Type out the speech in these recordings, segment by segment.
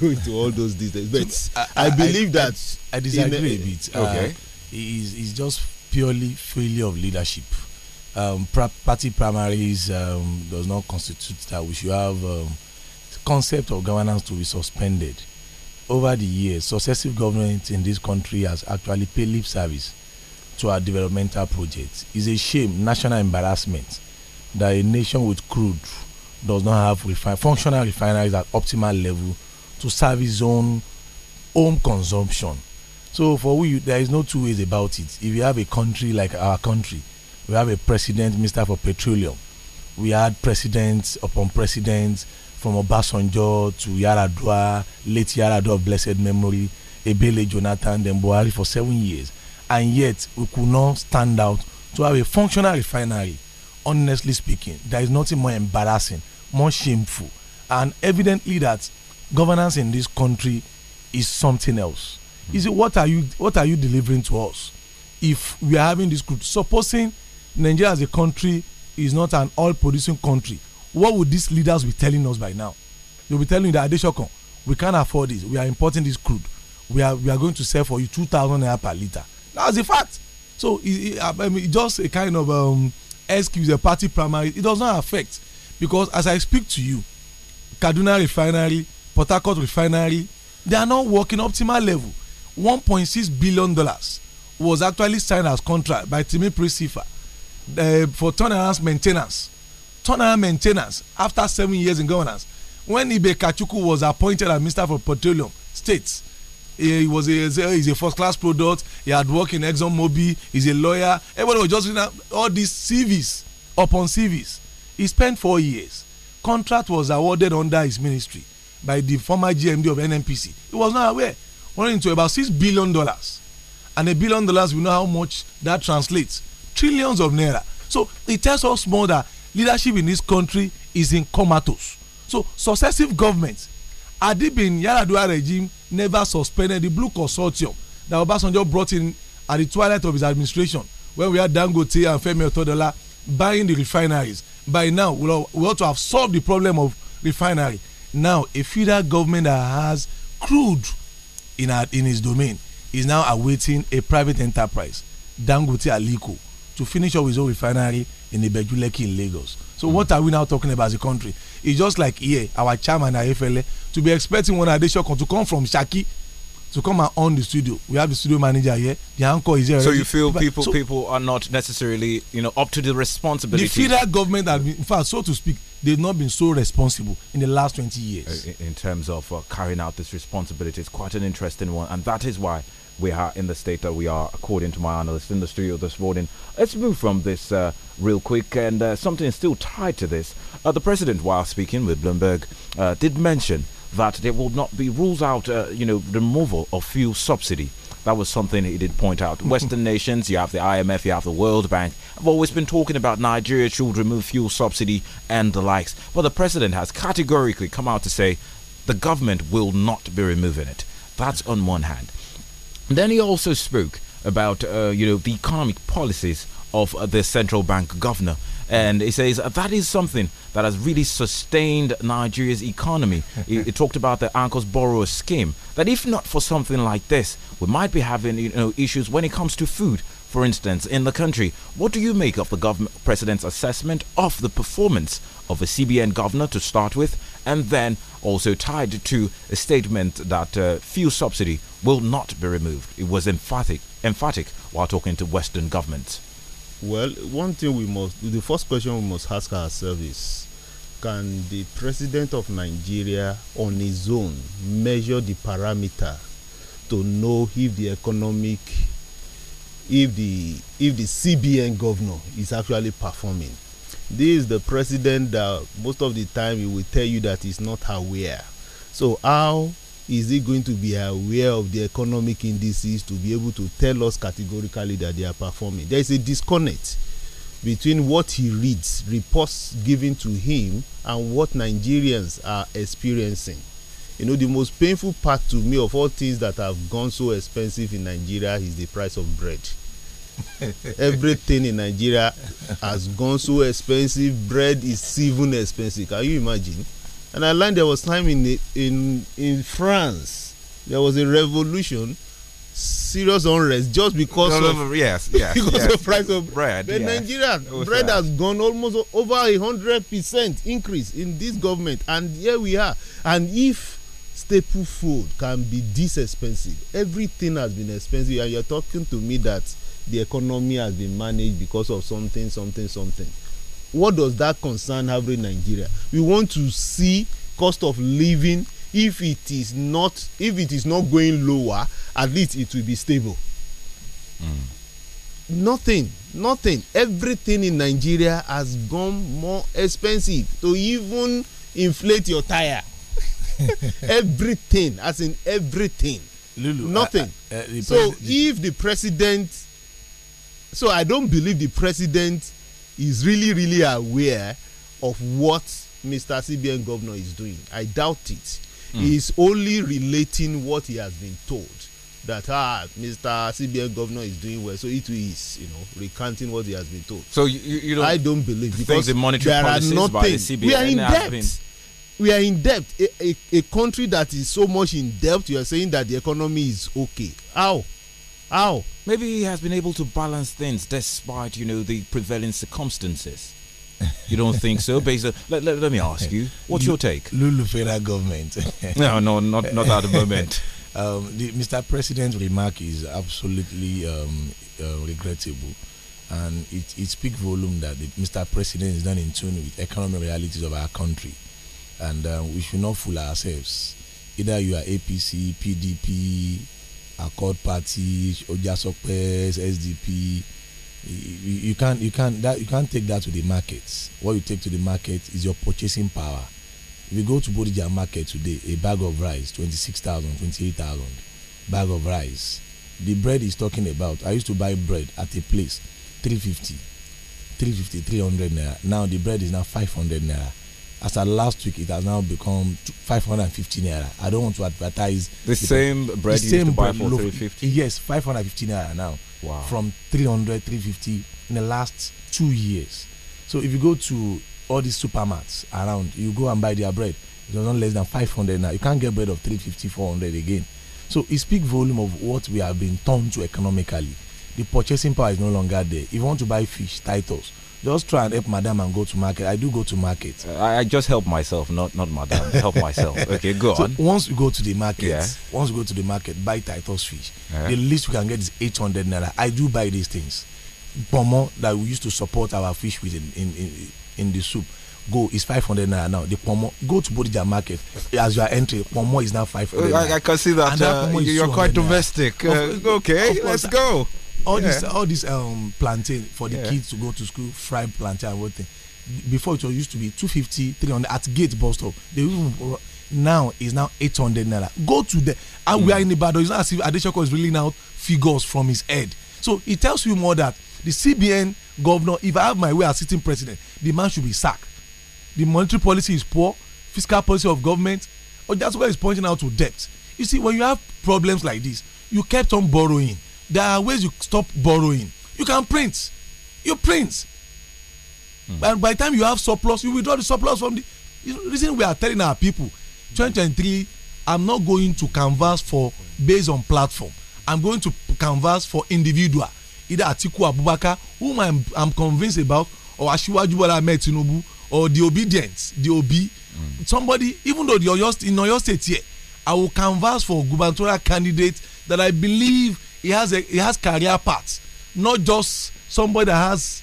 going to all those details. But I, I, I believe I, that I, disagree a, a bit. Okay, uh, it's, it's just purely failure of leadership. Um, party primaries um, does not constitute that we should have um, concept of governance to be suspended. Over the years, successive governments in this country has actually paid lip service to our developmental projects. It's a shame, national embarrassment, that a nation with crude does not have functional refineries at optimal level to serve his own home consumption. So for we, there is no two ways about it. If you have a country like our country, we have a president, Minister for Petroleum. We had presidents upon presidents from Obasanjo to Yaradua, late Yaradua of blessed memory, Ebele Jonathan, then Buhari for seven years. And yet, we could not stand out to have a functional refinery. Honestly speaking, there is nothing more embarrassing, more shameful, and evidently that governance in this country is something else. Mm. Is it what are you what are you delivering to us? If we are having this group, supposing Nigeria as a country is not an oil-producing country, what would these leaders be telling us by now? They'll be telling you that Adeshokon, we can't afford this. We are importing this crude. We are we are going to sell for you two thousand naira per liter. That's a fact. So it, it, I mean, just a kind of um, excuse, a party primary. It does not affect because as I speak to you, Kaduna refinery Port Harcourt refinery, they are not working optimal level. 1.6 billion dollars was actually signed as contract by Timi Precifa uh, for turnaround maintenance. Turnaround maintenance after seven years in governance. When Ibe Kachuku was appointed as Minister for Petroleum States, he was a, he's a first class product. He had worked in Exxon Mobil. He's a lawyer. Everybody was just all these CVs upon CVs. He spent four years. Contract was awarded under his ministry by the former GMD of NNPC. He was not aware. Running to about six billion dollars, and a billion dollars we know how much that translates trillions of naira. So it tells us more that leadership in this country is in comatose. So successive governments, had it been Yaradua regime never suspended the blue consortium that Obasanjo brought in at the twilight of his administration when we had Dangote and Femi Otodola buying the refineries. By now, we ought to have solved the problem of refinery now a federal government that has crude in, our, in its domain is now awaiting a private enterprise dangote aliko to finish up his own refinery in ibejuleki in lagos so mm what are we now talking about as a country it's just like here our chairman ayefele to be expecting one adesokan to come from Shaki to come and own the studio. We have the studio manager here. The anchor is here. So you feel people so, people are not necessarily you know up to the responsibility. The federal government has been, in fact, so to speak, they've not been so responsible in the last twenty years. Uh, in, in terms of uh, carrying out this responsibility, it's quite an interesting one, and that is why we are in the state that we are, according to my analyst in the studio this morning. Let's move from this uh, real quick, and uh, something is still tied to this. Uh, the president, while speaking with Bloomberg, uh, did mention that there will not be rules out, uh, you know, removal of fuel subsidy. That was something he did point out. Western nations, you have the IMF, you have the World Bank, have always been talking about Nigeria should remove fuel subsidy and the likes. But the president has categorically come out to say the government will not be removing it. That's on one hand. Then he also spoke about, uh, you know, the economic policies of uh, the central bank governor and he says that is something that has really sustained Nigeria's economy. he, he, talked about the Uncle's Borrower scheme. That if not for something like this, we might be having you know issues when it comes to food, for instance, in the country. What do you make of the government president's assessment of the performance of a CBN governor to start with, and then also tied to a statement that uh, fuel subsidy will not be removed? It was emphatic, emphatic while talking to Western governments. Well, one thing we must, the first question we must ask ourselves is can the president of Nigeria on his own measure the parameter to know if the economic, if the, if the CBN governor is actually performing? This is the president that most of the time he will tell you that he's not aware. So, how is he going to be aware of the economic indices to be able to tell us categorically that they are performing? There is a disconnect between what he reads, reports given to him, and what Nigerians are experiencing. You know, the most painful part to me of all things that have gone so expensive in Nigeria is the price of bread. Everything in Nigeria has gone so expensive. Bread is even expensive. Can you imagine? And I learned there was time in in in France there was a revolution, serious unrest just because no, of no, yes, yes, because yes. of price of bread. But yes. Nigeria bread uh, has gone almost over a hundred percent increase in this government, and here we are. And if staple food can be this expensive, everything has been expensive, and you're talking to me that the economy has been managed because of something, something, something what does that concern average nigeria we want to see cost of living if it is not if it is not going lower at least it will be stable mm. nothing nothing everything in nigeria has gone more expensive to even inflate your tire everything as in everything Lulu, nothing I, I, I, uh, so if the president so i don't believe the president is really really aware of what Mr. CBN governor is doing. I doubt it. Mm. is only relating what he has been told that ah Mr. CBN governor is doing well so it is you know recanting what he has been told. So you, you don't I don't believe because the monetary there are nothing. The we are in debt. We are in debt. A, a, a country that is so much in debt, you are saying that the economy is okay. How? How? maybe he has been able to balance things despite you know the prevailing circumstances. You don't think so? Based on, let, let, let me ask you, what's L your take? Lulu federal government. no, no, not not at the moment. Um, the, Mr. President's remark is absolutely um, uh, regrettable, and it, it speaks volume that the, Mr. President is not in tune with economic realities of our country, and um, we should not fool ourselves. Either you are APC, PDP, Accord Party, Ojasope, SDP. You, you can't you can't that you can't take that to the market. What you take to the market is your purchasing power. If you go to Bodija market today, a bag of rice, twenty twenty six thousand, eight thousand. bag of rice. The bread is talking about, I used to buy bread at a place, three three fifty, fifty, three hundred naira. Now the bread is now five hundred naira as at last week it has now become 550 naira i don't want to advertise the, the same bread, bread the same bread loaf, 350 yes 550 naira now wow. from 300 350 in the last two years so if you go to all these supermarkets around you go and buy their bread it was not less than 500 now you can't get bread of 350 400 again so it speaks volume of what we have been turned to economically the purchasing power is no longer there if you want to buy fish titles just try and help madam and go to market. I do go to market. Uh, I, I, just help myself, not not madam. help myself. Okay, go so on. Once you go to the market, yeah. once you go to the market, buy Titus fish. Yeah. The least we can get is 800 naira. I do buy these things. Pomo that we used to support our fish with in, in, in, in the soup go is five hundred naira now the pomo go to bodija market as you are entering pomo is now five hundred. I, I, can see that, uh, that you're quite domestic uh, okay let's go all yeah. this all this um plantain for the yeah. kids to go to school fried plantain and what before it was used to be 250 300 at gate bus stop they even now is now 800 naira go to the and mm. we are in the battle it's not as if adesoko is reeling out figures from his head so it tells you more that the cbn governor if i have my way as sitting president the man should be sacked the monetary policy is poor fiscal policy of government oh that's why he's pointing out to debt you see when you have problems like this you kept on borrowing there are ways you stop borrowing you can print you print mm. and by the time you have surplus you withdraw the surplus from the reason we are telling our people 2023 i'm not going to canvas for based on platform i'm going to canvas for individual either atiku abubakar whom i'm i'm convinced about or asiwaju bola ahmed tinubu or the obedient the obi mm. somebody even though the oyo in oyo state here i will canvas for gubernatorial candidate that i believe he has a he has career paths not just somebody that has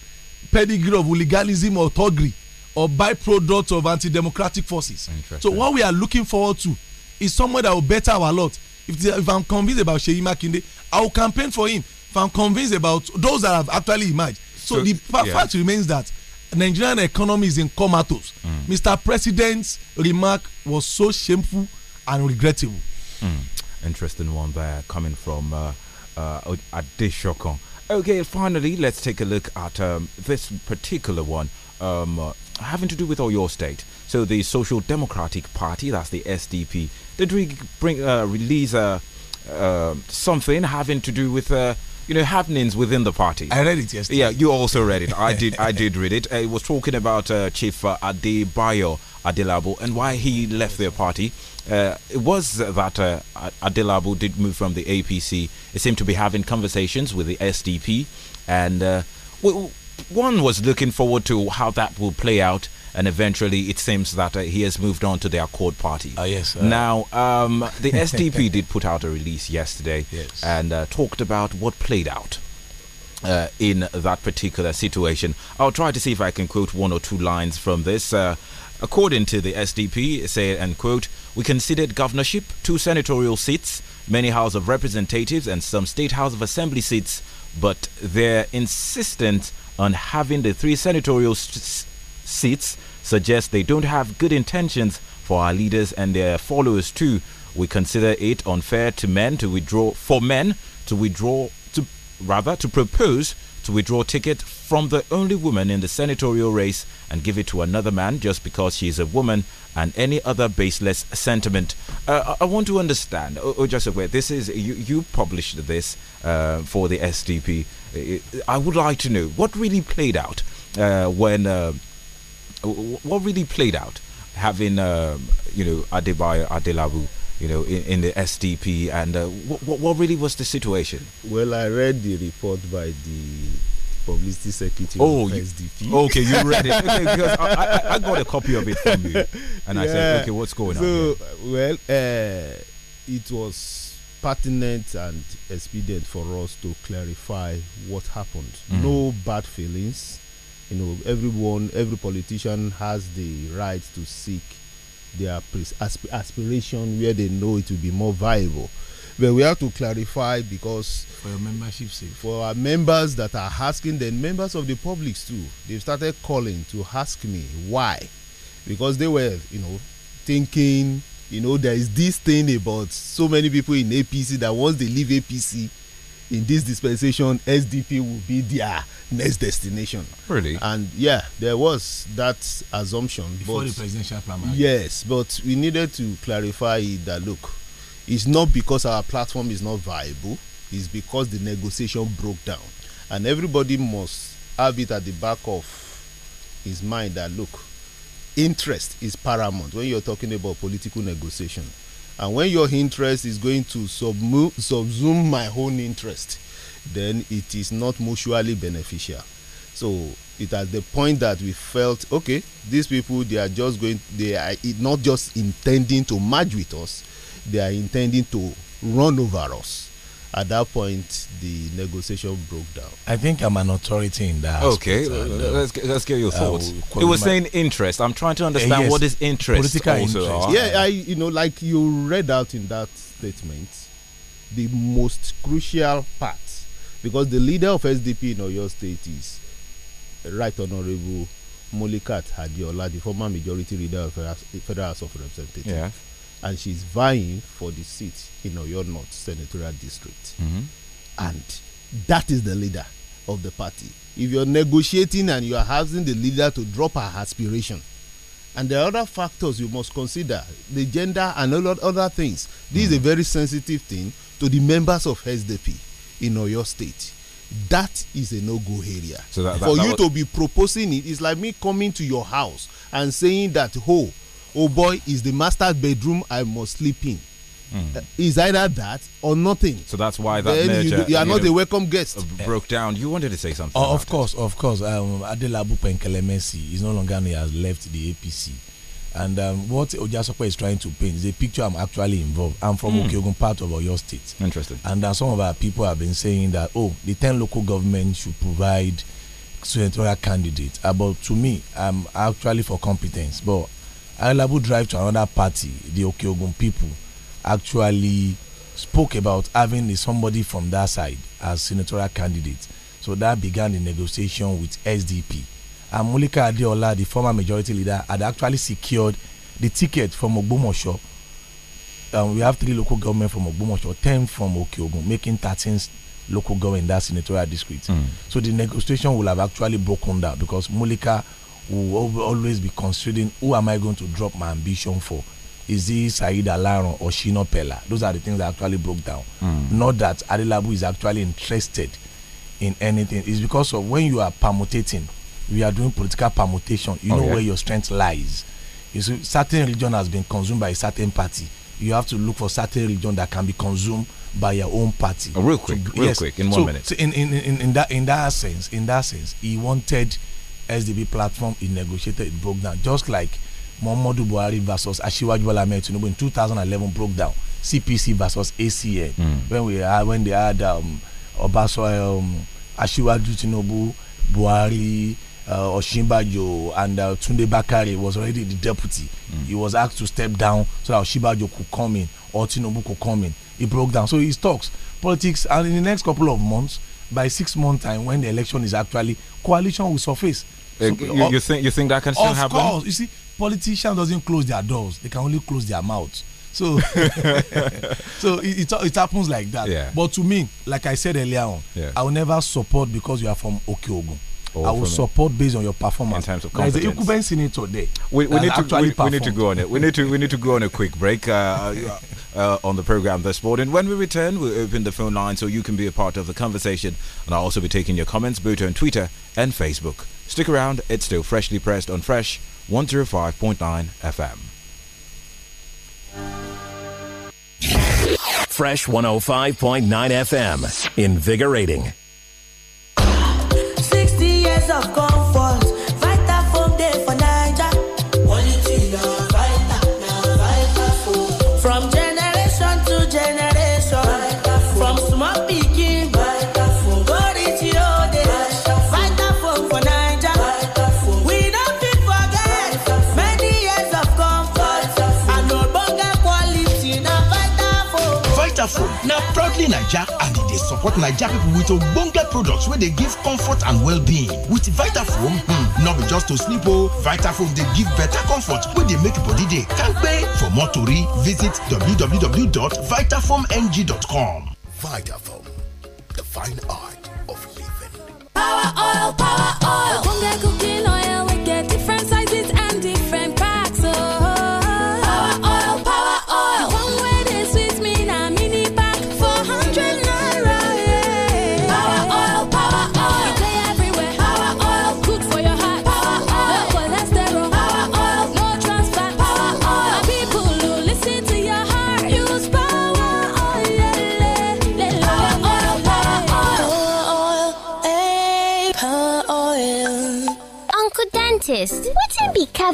pedigree of legalism or thuggery or byproduct of anti-democratic forces so what we are looking forward to is someone that will better our lot if, the, if i'm convinced about sheyi makinde i will campaign for him if i'm convinced about those that have actually emerged so, so the yeah. fact remains that nigerian economy is in comatose mm. mr president's remark was so shameful and regrettable mm. interesting one there coming from uh uh, Adeshokan. Okay, finally, let's take a look at um, this particular one um, uh, having to do with all your state. So the Social Democratic Party, that's the SDP, did we bring uh, release a uh, uh, something having to do with uh, you know happenings within the party. I read it yesterday. Yeah, you also read it. I did. I did read it. Uh, it was talking about uh, Chief uh, Adebayo Adelabo and why he left their party uh, it was that uh, Adelabu did move from the APC. It seemed to be having conversations with the SDP, and uh, one was looking forward to how that will play out. And eventually, it seems that uh, he has moved on to the Accord Party. Oh, yes. Uh, now, um, the SDP did put out a release yesterday yes. and uh, talked about what played out. Uh, in that particular situation. I'll try to see if I can quote one or two lines from this. Uh, According to the SDP, it said, and quote, we considered governorship, two senatorial seats, many House of Representatives, and some State House of Assembly seats, but their insistence on having the three senatorial seats suggests they don't have good intentions for our leaders and their followers too. We consider it unfair to men to withdraw for men to withdraw to rather to propose to withdraw ticket from the only woman in the senatorial race and give it to another man just because she is a woman and any other baseless sentiment. Uh, I, want to understand, oh, where this is, you, you published this uh, for the SDP. I would like to know what really played out uh, when, uh, what really played out having, um, you know, Adebayo Adelabu you know, in, in, the SDP, and uh, what, what really was the situation? Well, I read the report by the publicity secretary. Oh, you, okay, you read it. Okay, because I, I, I, got a copy of it from you, and yeah. I said, okay, what's going so, on? So, well, uh, it was pertinent and expedient for us to clarify what happened. Mm. No bad feelings. You know, everyone, every politician has the right to seek their aspiration where they know it will be more viable but we have to clarify because for your membership sake. for our members that are asking then members of the public too they've started calling to ask me why because they were you know thinking you know there is this thing about so many people in apc that once they leave apc in this dispensation sdp will be their next destination really and yeah there was that assumption before but, the presidential primary yes but we needed to clarify that look it's not because our platform is not viable, it's because the negotiation broke down. And everybody must have it at the back of his mind that look, interest is paramount when you're talking about political negotiation. And when your interest is going to subsume my own interest, then it is not mutually beneficial. So it at the point that we felt okay these people they are just going they are not just intending to merge with us they are intending to run over us at that point the negotiation broke down. I think I'm an authority in that. Okay, and, uh, let's get, let's get your thoughts. It was saying interest. I'm trying to understand uh, yes. what is interest. Political also. interest. Uh, yeah, I you know like you read out in that statement, the most crucial part because the leader of SDP in Oyo State is Right Honourable Molikat Adiola, the former majority leader of the Federal House of Representatives. Yeah and she's vying for the seat in Oyo North senatorial district. Mm -hmm. And that is the leader of the party. If you're negotiating and you are asking the leader to drop her aspiration, and there are other factors you must consider, the gender and all other things. This mm. is a mm. very sensitive thing to the members of SDP in Oyo State. That is a no-go area. So that, that, For that you to be proposing it is like me coming to your house and saying that, oh, oh boy is the master's bedroom i must sleep in Mm. Uh, is either that or nothing. So that's why that then you, you, are not know, a welcome guest. Uh, broke down. You wanted to say something. Oh, of course, it. of course. Um, Adelabu Penkelemesi is no longer he has left the APC, and um, what Ojasope is trying to paint is a picture I'm actually involved. I'm from mm. Okyogun, part of your state. Interesting. And uh, some of our people have been saying that oh, the ten local governments should provide senatorial candidates. Uh, but to me, I'm actually for competence, but Alabu drive to another party, the Okeogun people actually spoke about having somebody from that side as senatorial candidate. So that began the negotiation with SDP. And Mulika Adeola, the former majority leader, had actually secured the ticket from Ogbomosho. Um, we have three local government from Ogbomosho, ten from Okeogun, making 13 local government in that senatorial district. Mm. So the negotiation will have actually broken down because Mulika will always be considering who am I going to drop my ambition for? Is he Said Alaron or Shino Pella? Those are the things that actually broke down. Mm. Not that Labu is actually interested in anything. It's because of when you are permutating, we are doing political permutation. You oh, know yeah. where your strength lies. You see, certain religion has been consumed by a certain party. You have to look for certain religion that can be consumed by your own party. Oh, real quick, real yes. quick, in one so, minute. So in, in, in, in, that in that sense, in that sense, he wanted SDP platform is negotiated, it broke down. Just like Muhammadu Buhari versus Ashiwaju Bola Tinubu in 2011 broke down. CPC versus ACN mm. when we had, when they had um, Obaso, um, Ashiwaju Tinubu, Buhari, uh, Oshimbajo, and uh, Tunde Bakari was already the deputy. Mm. He was asked to step down so that Oshimbajo could come in or Tinubu could come in. He broke down. So he talks politics, and in the next couple of months, by six month time when the election is actually, coalition will surface you, you, think you think that can still of happen? Of course, you see, politicians doesn't close their doors; they can only close their mouths. So, so it, it, it happens like that. Yeah. But to me, like I said earlier on, yeah. I will never support because you are from Okeogun. Oh, I will support based on your performance. In terms of competence. There's a senator there. We, we need to we, we, need to go on it. We need to we need to go on a quick break uh, uh, on the program this morning. When we return, we'll open the phone line so you can be a part of the conversation, and I'll also be taking your comments both on Twitter and Facebook. Stick around, it's still freshly pressed on Fresh 105.9 FM. Fresh 105.9 FM, invigorating. 60 years of comfort. naija and they support naija people with ogbonge products where they give comfort and well-being with vitafoam hmm no be just to sleep oh. vitafoam they give better comfort where they make body day. dey kampe for more tori visit www.vitafoamng.com vitafoam the fine art of living power oil power oil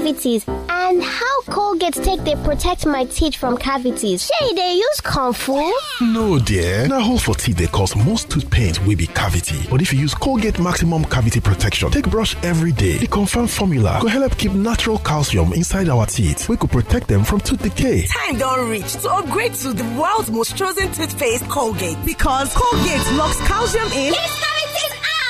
cavities and how Colgate take they protect my teeth from cavities. Say they use Kung Fu? No, dear. Now, hole for teeth they cause most tooth pain will be cavity. But if you use Colgate Maximum Cavity Protection, take brush every day. The confirmed formula could help keep natural calcium inside our teeth. We could protect them from tooth decay. Time don't reach to upgrade to the world's most chosen toothpaste, Colgate. Because Colgate locks calcium in. Yes,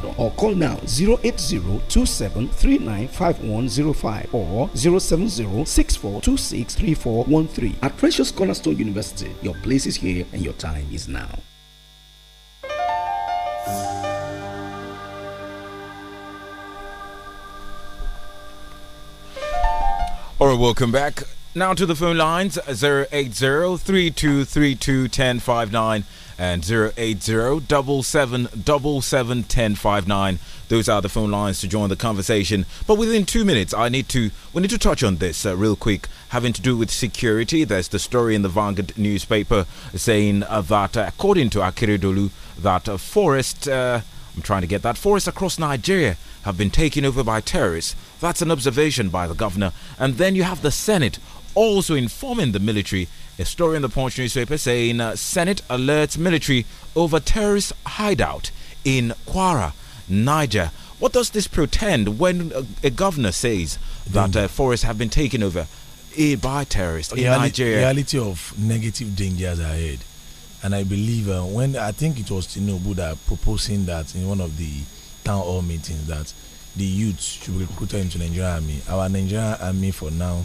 Ibadan or call now 08027395105 or 07064263413. At Precious Cornerstone University, your place is here and your time is now. All right, welcome back. Now to the phone lines 080 3232 and 080-777-1059. Those are the phone lines to join the conversation. But within two minutes, I need to we need to touch on this uh, real quick, having to do with security. There's the story in the Vanguard newspaper saying uh, that uh, according to Akiridolu, that uh, forest. Uh, I'm trying to get that forest across Nigeria have been taken over by terrorists. That's an observation by the governor. And then you have the Senate also informing the military a story in the Punch newspaper saying uh, Senate alerts military over terrorist hideout in Kwara, Niger. What does this pretend when a, a governor says that uh, forests have been taken over eh, by terrorists in Reali Nigeria? Reality of negative dangers ahead, and I believe uh, when I think it was Tinubu that proposing that in one of the town hall meetings that the youth should be recruited into Nigerian army. Our Nigerian army for now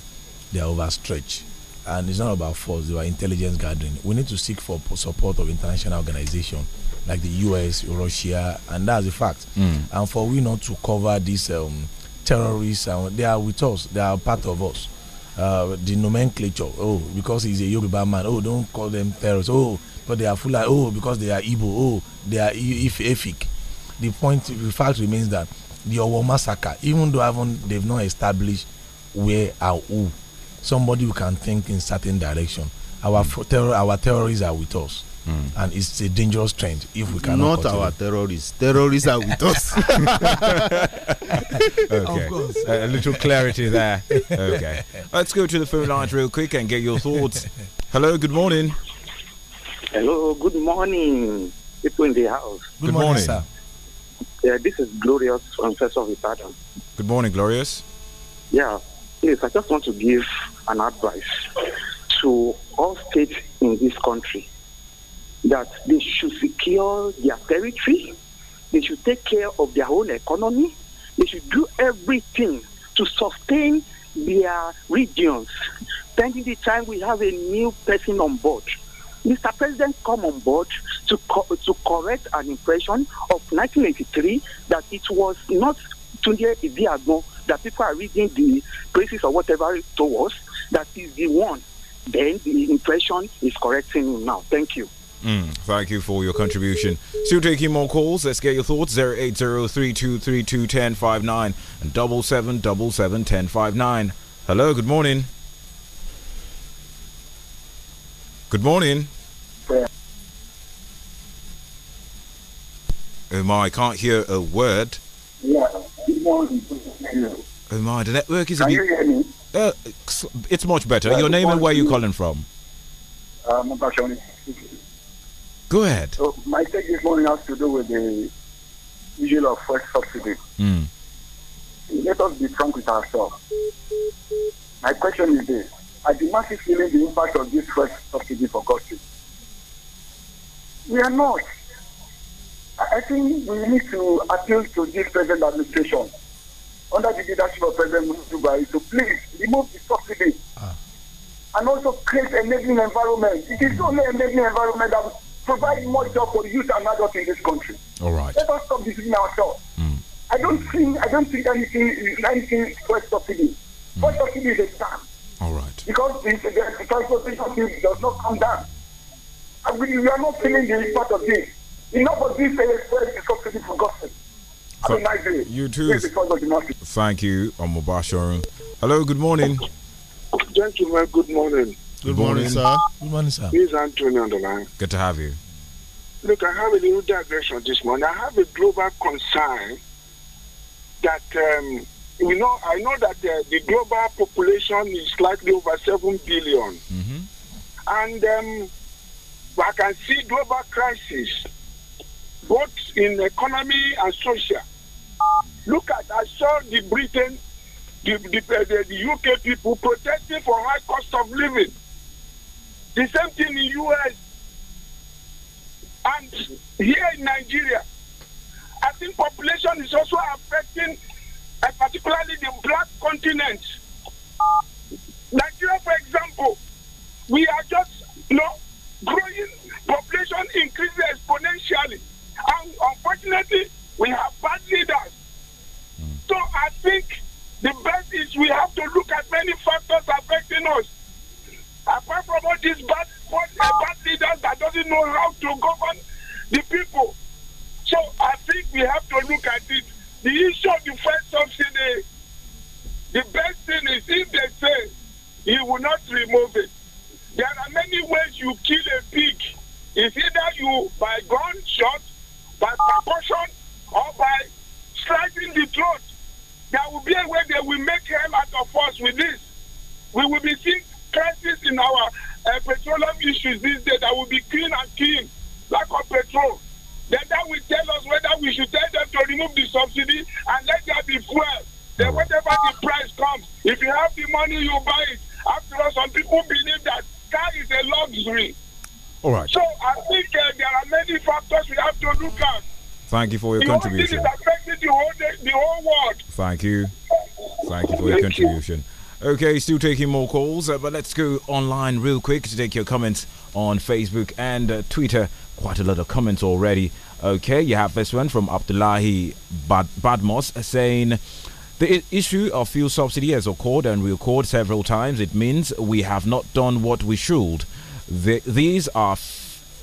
they are overstretched and it's not about force. They about intelligence gathering. We need to seek for support of international organization like the US, Russia, and that's a fact. Mm. And for we not to cover these um, terrorists, they are with us. They are part of us. Uh, the nomenclature. Oh, because he's a Yoruba man. Oh, don't call them terrorists. Oh, but they are full. Of, oh, because they are evil, Oh, they are if Efik. The point, the fact remains that the Owo massacre, even though haven't, they've not established where or who somebody who can think in certain direction. Our mm. terror, our terrorists are with us. Mm. And it's a dangerous trend if we cannot. Not continue. our terrorists. Terrorists are with us. okay. Of course. A, little clarity there. Okay. Let's go to the phone lines real quick and get your thoughts. Hello, good morning. Hello, good morning, people in the house. Good, good morning, morning, sir. Yeah, this is Glorious from First of Ibadan. Good morning, Glorious. Yeah, Yes, I just want to give an advice to all states in this country that they should secure their territory, they should take care of their own economy, they should do everything to sustain their regions. Pending the time we have a new person on board. Mr. President come on board to, co to correct an impression of 1983 that it was not Tunde Idiagbo that people are reading the praises or whatever to us that is the one, then the impression is correcting now. Thank you. Mm, thank you for your contribution. Still taking more calls. Let's get your thoughts. 08032321059 and 77771059. Hello, good morning. Good morning. Yeah. Um, I can't hear a word. Yeah. My, the network is Can a bit. You hear me? Uh, it's much better. Uh, Your name and where you calling from? Uh, Go ahead. So my take this morning has to do with the issue of fuel subsidy. Mm. Let us be frank with ourselves. My question is this: Are the masses feeling the impact of this fuel subsidy for God's sake? We are not. I think we need to appeal to this present administration under the leadership of President Mutubai to please remove the subsidy ah. and also create enabling environment. It is only enabling environment that will provide more job for youth and adults in this country. All right. Let us stop deceiving ourselves. Mm. I don't think I don't think anything anything for subsidy. Mm. subsidy is a scam. All right. Because the, the, the transportation does not come down. I mean, we are not feeling the impact of this. Enough of this uh, something forgotten. Have a nice day. You too. Thank you, Omobashorun. Hello, good morning. Gentlemen, good morning. Good, morning, sir. Good morning, sir. This is Anthony on the line. Good to have you. Look, I have a little digression this morning. I have a global concern that, um, you know, I know that uh, the global population is slightly over 7 billion. Mm -hmm. And um, I can see global crisis both in economy and social. Look at, I saw the Britain, the, the, uh, the, the UK people protesting for high cost of living. The same thing in US and here in Nigeria. I think population is also affecting, uh, particularly the black continent. Nigeria, for example, we are just you know, growing population increases exponentially. And unfortunately, we have bad leaders. So I think the best is we have to look at many factors affecting us. Apart from all these bad, bad uh, leaders that doesn't know how to govern the people. So I think we have to look at it. The issue of the first subsidy, the best thing is if they say you will not remove it. There are many ways you kill a pig. It's either you by gunshot by percussion or by striking the throat. There will be a way they will make hell out of us with this. We will be seeing crisis in our uh, petroleum issues this day that will be clean and clean, lack of petrol. Then that will tell us whether we should tell them to remove the subsidy and let there be fuel. Then mm. whatever the price comes, if you have the money, you buy it. After all, some people believe that car is a luxury. All right. So I think uh, there are many factors we have to look at. Thank you for your the contribution. Whole affecting the whole, the whole world. Thank you. Thank you for your contribution. Okay, still taking more calls, uh, but let's go online real quick to take your comments on Facebook and uh, Twitter. Quite a lot of comments already. Okay, you have this one from Abdullahi Bad Badmos saying. The issue of fuel subsidy has occurred and will several times. It means we have not done what we should these are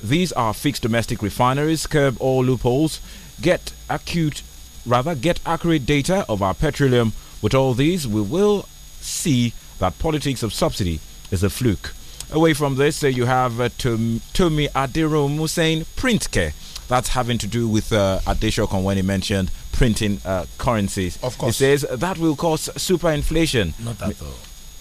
these are fixed domestic refineries, curb all loopholes, get acute, rather get accurate data of our petroleum. With all these, we will see that politics of subsidy is a fluke. Away from this, uh, you have uh, Tomi Adirom Hussein Printke. That's having to do with uh, Adeshokon when he mentioned printing uh, currencies. Of course. He says that will cause super inflation. Not at all.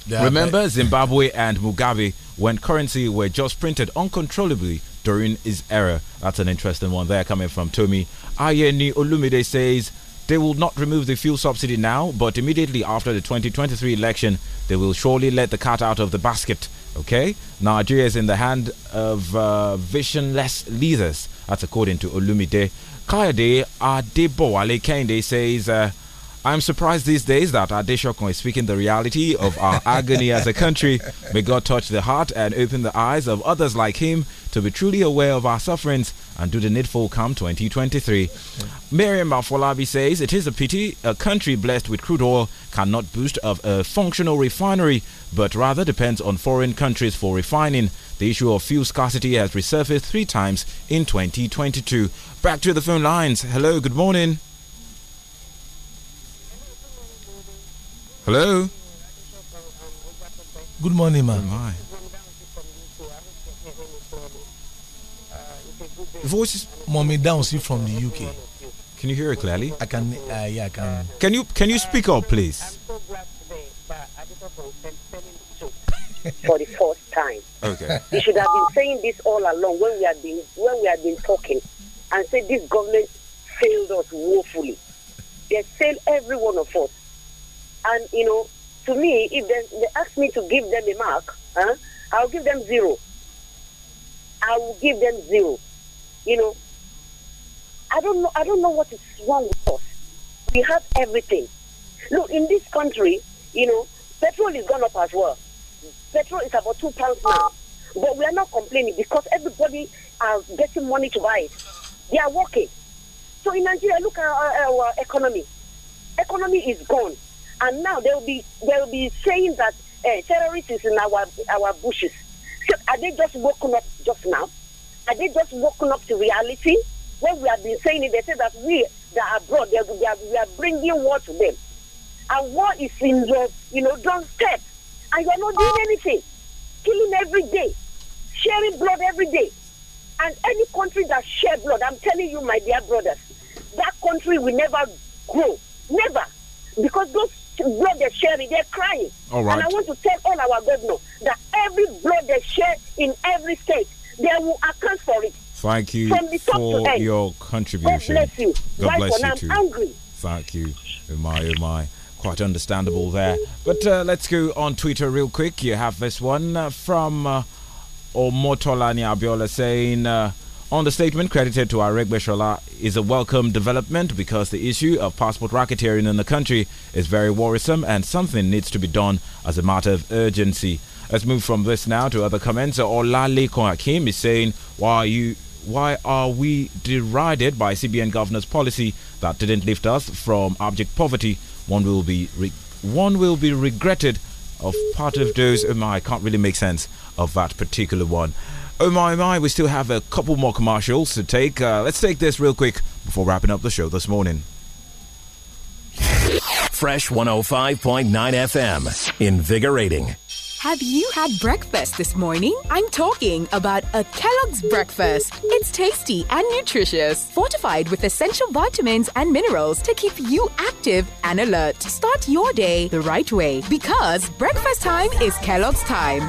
Yeah, Remember Zimbabwe and Mugabe when currency were just printed uncontrollably during his era. That's an interesting one there coming from Tommy. Ayeni Olumide says they will not remove the fuel subsidy now, but immediately after the 2023 election, they will surely let the cat out of the basket. Okay? Nigeria is in the hand of uh, visionless leaders. That's according to Olumide. Kayade Adebowale Kende says. Uh, I'm surprised these days that Adeshoko is speaking the reality of our agony as a country. May God touch the heart and open the eyes of others like him to be truly aware of our sufferings and do the needful come 2023. Miriam Afolabi says, It is a pity a country blessed with crude oil cannot boast of a functional refinery, but rather depends on foreign countries for refining. The issue of fuel scarcity has resurfaced three times in 2022. Back to the phone lines. Hello, good morning. Hello. Good morning, ma'am. Oh, the voice is mommy from the UK. Can you hear it clearly? I can. Uh, yeah, I can. Can you can you speak up, please? for the first time. Okay. You should have been saying this all along when we have been when we have been talking, and say this government failed us woefully. They failed every one of us. And, you know, to me, if they, they ask me to give them a mark, huh, I'll give them zero. I will give them zero. You know, I don't know. I don't know what is wrong with us. We have everything. Look, in this country, you know, petrol is gone up as well. Petrol is about two pounds now, but we are not complaining because everybody are getting money to buy it. They are working. So in Nigeria, look at our, our economy. Economy is gone and now they'll be they'll be saying that uh, terrorists is in our our bushes. So are they just woken up just now? Are they just woken up to reality? What we have been saying is they say that we that are abroad, they are, they are, we are bringing war to them. And war is in your, you know, doorstep. And you're not doing anything. Killing every day. Sharing blood every day. And any country that share blood, I'm telling you, my dear brothers, that country will never grow. Never. Because those blood they share, they're crying. All right. And I want to tell all our no, that every blood they share in every state, they will account for it. Thank you for your contribution. God bless you. God right bless you I'm too. Angry. Thank you. Oh my, oh my. Quite understandable there. But uh, let's go on Twitter real quick. You have this one uh, from uh, Omotolani Abiola saying... Uh, on the statement credited to Irek shola is a welcome development because the issue of passport racketeering in the country is very worrisome and something needs to be done as a matter of urgency. Let's move from this now to other comments. Olalekan Hakim is saying, why are you why are we derided by CBN governor's policy that didn't lift us from abject poverty? One will be one will be regretted of part of those. my, um, I can't really make sense of that particular one. Oh my, my, we still have a couple more commercials to take. Uh, let's take this real quick before wrapping up the show this morning. Fresh 105.9 FM. Invigorating. Have you had breakfast this morning? I'm talking about a Kellogg's breakfast. It's tasty and nutritious, fortified with essential vitamins and minerals to keep you active and alert. Start your day the right way because breakfast time is Kellogg's time.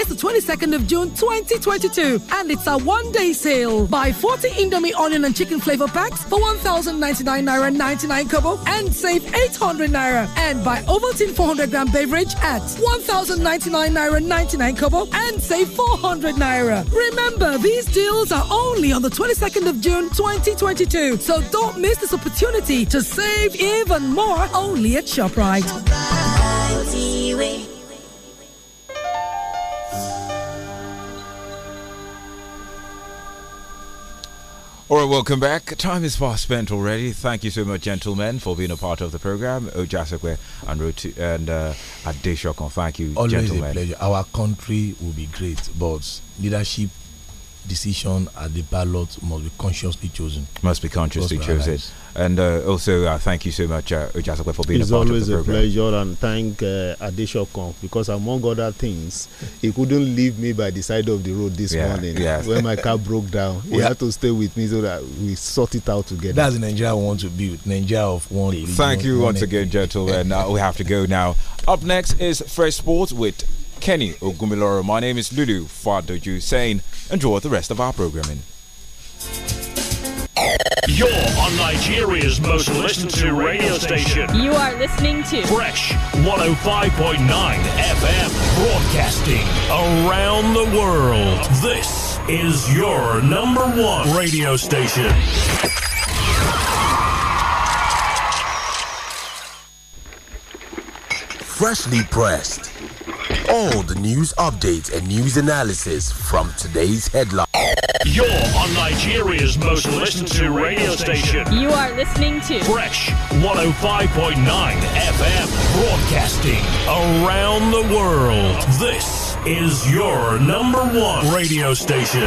It's the 22nd of June 2022 and it's a one day sale. Buy 40 Indomie onion and chicken flavor packs for 1,099 naira 99 kobo and save 800 naira. And buy Ovaltine 400 gram beverage at 1,099 naira 99 kobo and save 400 naira. Remember, these deals are only on the 22nd of June 2022. So don't miss this opportunity to save even more only at ShopRite. All right, welcome back. Time is fast spent already. Thank you so much, gentlemen, for being a part of the program. Ojasekwe and Roti and uh, Adeshokon, thank you, Always gentlemen. a pleasure. Our country will be great, but leadership decision at the ballot must be consciously chosen. Must be consciously chosen. And uh, also, uh, thank you so much, uh, Ujasakwe, for being it's a part of the It's always a pleasure, and thank uh, Adeshokon because, among other things, he couldn't leave me by the side of the road this yeah, morning yes. when my car broke down. He had to stay with me so that we sort it out together. That's the Nigeria want to build. Nigeria of one. Thank one, you once again, gentlemen. Uh, we have to go now. Up next is Fresh Sports with Kenny Ogumiloro. My name is Lulu Fadoju Hussein. Enjoy the rest of our programming. You're on Nigeria's most listened to radio station. You are listening to Fresh 105.9 FM broadcasting around the world. This is your number one radio station. freshly pressed. All the news updates and news analysis from today's headline. You're on Nigeria's most listened to radio station. You are listening to Fresh 105.9 FM, broadcasting around the world. This is your number one radio station.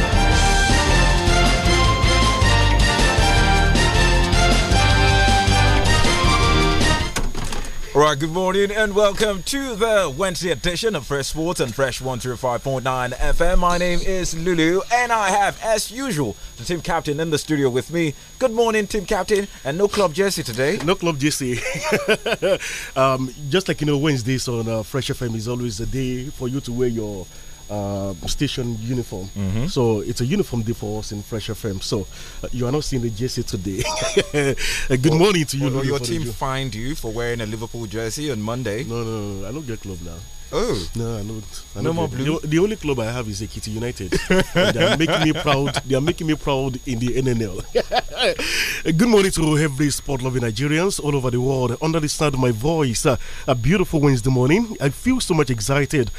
All right, good morning and welcome to the Wednesday edition of Fresh Sports and Fresh 105.9 FM. My name is Lulu and I have, as usual, the team captain in the studio with me. Good morning, team captain, and no club jersey today. No club jersey. um, just like you know, Wednesdays on uh, Fresh FM is always a day for you to wear your uh, station uniform. Mm -hmm. So it's a uniform day for us in Fresh FM. So uh, you are not seeing the jersey today. Uh, good well, morning to you. your team you. fined you for wearing a Liverpool jersey on Monday? No, no, no. I don't get club now. Oh no, I don't. I no more blue. The, the, only club I have is Ekiti United. they are making me proud. They are making me proud in the NNL. Good morning to every sport-loving Nigerians all over the world. Under the sound of my voice, uh, a beautiful Wednesday morning. I feel so much excited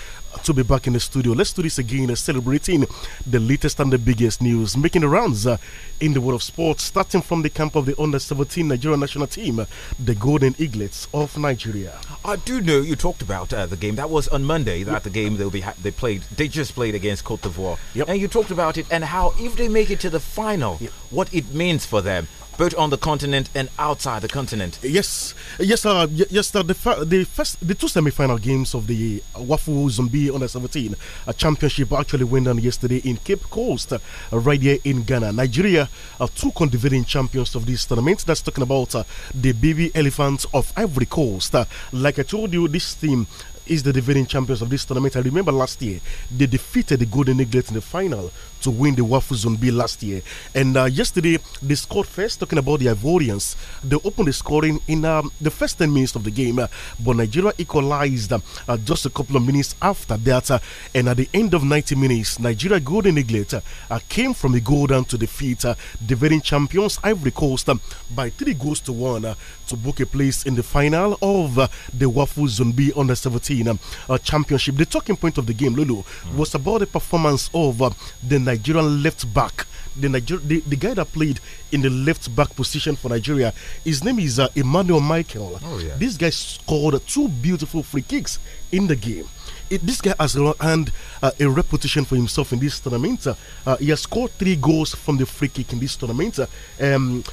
to be back in the studio. Let's do this again, uh, celebrating the latest and the biggest news making the rounds uh, in the world of sports, starting from the camp of the under 17 Nigerian national team, uh, the Golden Eaglets of Nigeria. I do know you talked about uh, the game that was on Monday. That the game they'll be they played they just played against Cote d'Ivoire, yep. and you talked about it and how if they make it to the final, yep. what it means for them both on the continent and outside the continent. Yes, yes, sir. Uh, yes, sir. The, the first, the two semi-final games of the Wafu Zombie Under-17 Championship actually went on yesterday in Cape Coast, uh, right here in Ghana. Nigeria are two contributing champions of this tournament. That's talking about uh, the baby elephants of Ivory Coast. Uh, like I told you, this team is the defending champions of this tournament. I remember last year they defeated the Golden Eagles in the final to win the Waffle Zone B last year. And uh, yesterday, they scored first, talking about the Ivorians. They opened the scoring in um, the first 10 minutes of the game, uh, but Nigeria equalized uh, just a couple of minutes after that. Uh, and at the end of 90 minutes, Nigeria Golden Eaglet uh, came from the goal down to defeat uh, defending champions Ivory Coast um, by three goals to one uh, to book a place in the final of the Waffle Zone B under 17 um, championship. The talking point of the game, Lulu, mm. was about the performance of the Nigerian left back. The, Niger the, the, guy that played in the left back position for Nigeria, his name is uh, Emmanuel Michael. Oh, yeah. This guy scored two beautiful free kicks in the game. It, this guy has earned uh, a reputation for himself in this tournament. Uh, he has scored three goals from the free kick in this tournament. Um,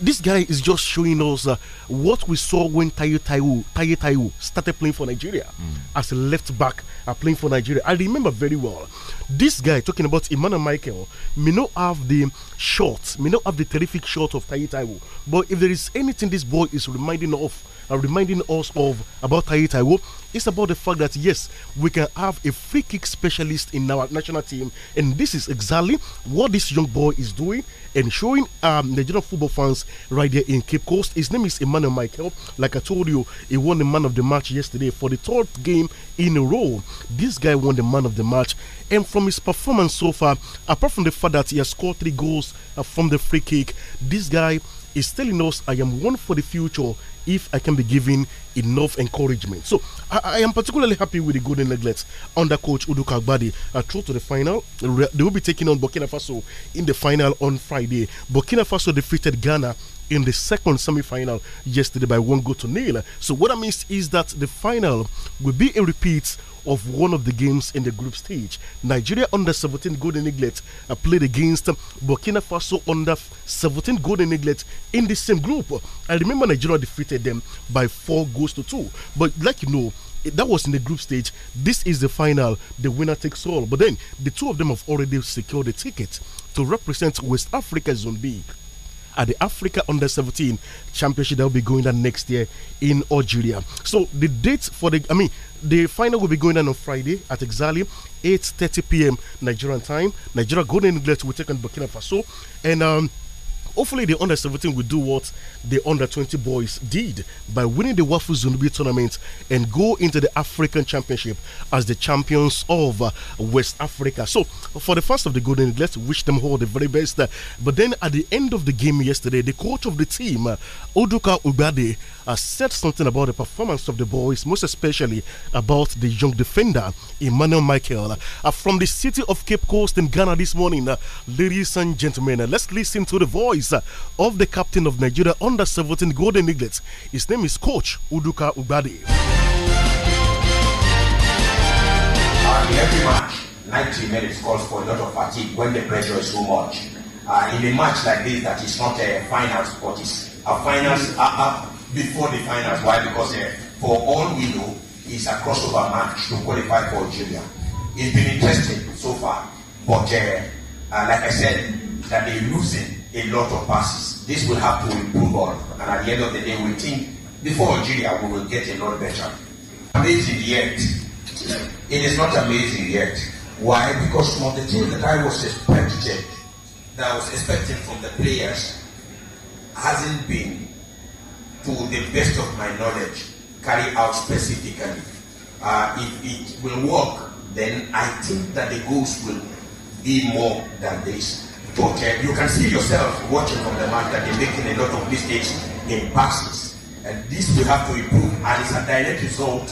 this guy is just showing us uh, what we saw when Tayo Taiwo, Tayo Taiwo started playing for Nigeria mm. as a left back uh, playing for Nigeria. I remember very well. This guy talking about Emmanuel Michael may not have the shot, may not have the terrific shot of Tayo Taiwo, but if there is anything this boy is reminding of are reminding us of about Taye Taiwo. It's about the fact that yes, we can have a free kick specialist in our national team, and this is exactly what this young boy is doing and showing um, Nigerian football fans right there in Cape Coast. His name is Emmanuel Michael. Like I told you, he won the man of the match yesterday for the third game in a row. This guy won the man of the match, and from his performance so far, apart from the fact that he has scored three goals uh, from the free kick, this guy is telling us I am one for the future if I can be given enough encouragement. So I, I am particularly happy with the Golden Leglets under coach Udu Kagbadi uh, through to the final. They will be taking on Burkina Faso in the final on Friday. Burkina Faso defeated Ghana in the second semi final yesterday by one goal to nil. So, what that means is that the final will be a repeat of one of the games in the group stage. Nigeria under 17 Golden Eaglet uh, played against Burkina Faso under 17 Golden Eaglet in the same group. I remember Nigeria defeated them by four goals to two. But like you know, that was in the group stage. This is the final. The winner takes all. But then the two of them have already secured a ticket to represent West Africa Zone B at the Africa Under 17 Championship that will be going down next year in Algeria. So the date for the, I mean, the final will be going down on Friday at exactly 8:30 p.m. Nigerian time. Nigeria Golden Eagles will take on Burkina Faso, and um, Hopefully, the under 17 will do what the under 20 boys did by winning the Wafu Zunubi tournament and go into the African Championship as the champions of uh, West Africa. So, for the first of the golden, let's wish them all the very best. Uh, but then at the end of the game yesterday, the coach of the team, uh, Oduka Ubade, uh, said something about the performance of the boys, most especially about the young defender, Emmanuel Michael, uh, from the city of Cape Coast in Ghana this morning. Uh, ladies and gentlemen, let's listen to the voice of the captain of Nigeria under 17 Golden Eaglets. His name is Coach Uduka Ugbade. Um, every match, 90 minutes calls for a lot of fatigue when the pressure is so much. Uh, in a match like this, that is not a finals, but it's a finals uh, uh, before the finals. Why? Because uh, for all we know, it's a crossover match to qualify for Algeria. It's been interesting so far, but uh, uh, like I said, that they're losing a lot of passes. This will have to improve on, and at the end of the day, we think before Algeria we will get a lot better. Amazing yet. It is not amazing yet. Why? Because some of the things that I was expected, that I was expecting from the players, hasn't been, to the best of my knowledge, carried out specifically. Uh, if it will work, then I think that the goals will be more than this. But uh, you can see yourself watching from the match that they're making a lot of mistakes in passes. And this we have to improve. And it's a direct result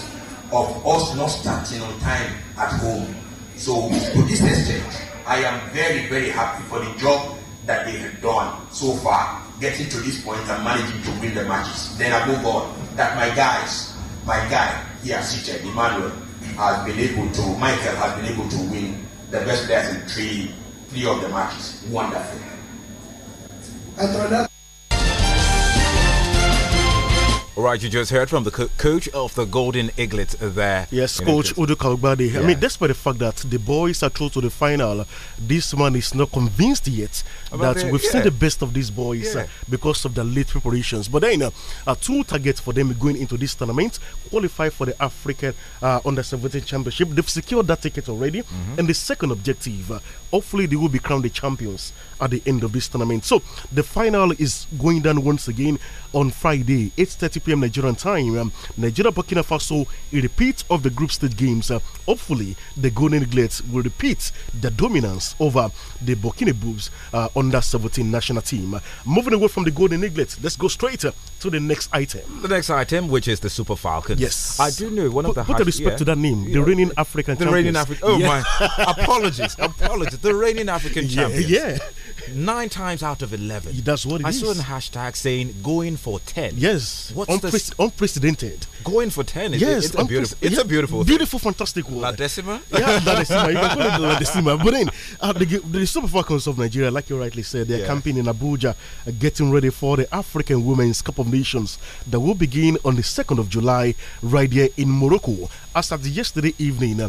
of us not starting on time at home. So to this extent, I am very, very happy for the job that they have done so far, getting to this point and managing to win the matches. Then I move on that my guys, my guy here seated, Emmanuel, has been able to, Michael has been able to win the best players in three three of the marks. Wonderful. that, all right, you just heard from the co coach of the Golden Eaglets there. Yes, Coach Udo Kalgbadi. Yeah. I mean, despite the fact that the boys are through to the final, this man is not convinced yet About that the, we've yeah. seen the best of these boys yeah. uh, because of the late preparations. But then, uh, uh, two targets for them going into this tournament qualify for the African uh, Under 17 Championship. They've secured that ticket already. Mm -hmm. And the second objective, uh, hopefully, they will be crowned the champions at the end of this tournament. So the final is going down once again on Friday, 8.30 p.m. Nigerian time. Um, Nigeria Burkina Faso, a repeat of the group stage games. Uh, hopefully, the Golden Eaglets will repeat the dominance over the Burkina Boobs uh, under 17 national team. moving away from the Golden Eaglets, let's go straight uh, to the next item. The next item, which is the Super Falcons. Yes. I do know one P of the Put the respect yeah. to that name, yeah. the reigning African The reigning African. Oh, yeah. my. apologies. Apologies. The reigning African champions. Yeah. Nine times out of 11. That's what I is. saw a hashtag saying going for 10. Yes. What's unpre unprecedented. Going for ten. is yes, it's a beautiful. It's yeah, a beautiful, beautiful, thing. fantastic word. La decima. Yeah, la decima. You can call it la decima. But then uh, the, the Super Falcons of Nigeria, like you rightly said, they're yeah. camping in Abuja, uh, getting ready for the African Women's Cup of Nations that will begin on the second of July right here in Morocco. As of yesterday evening, uh,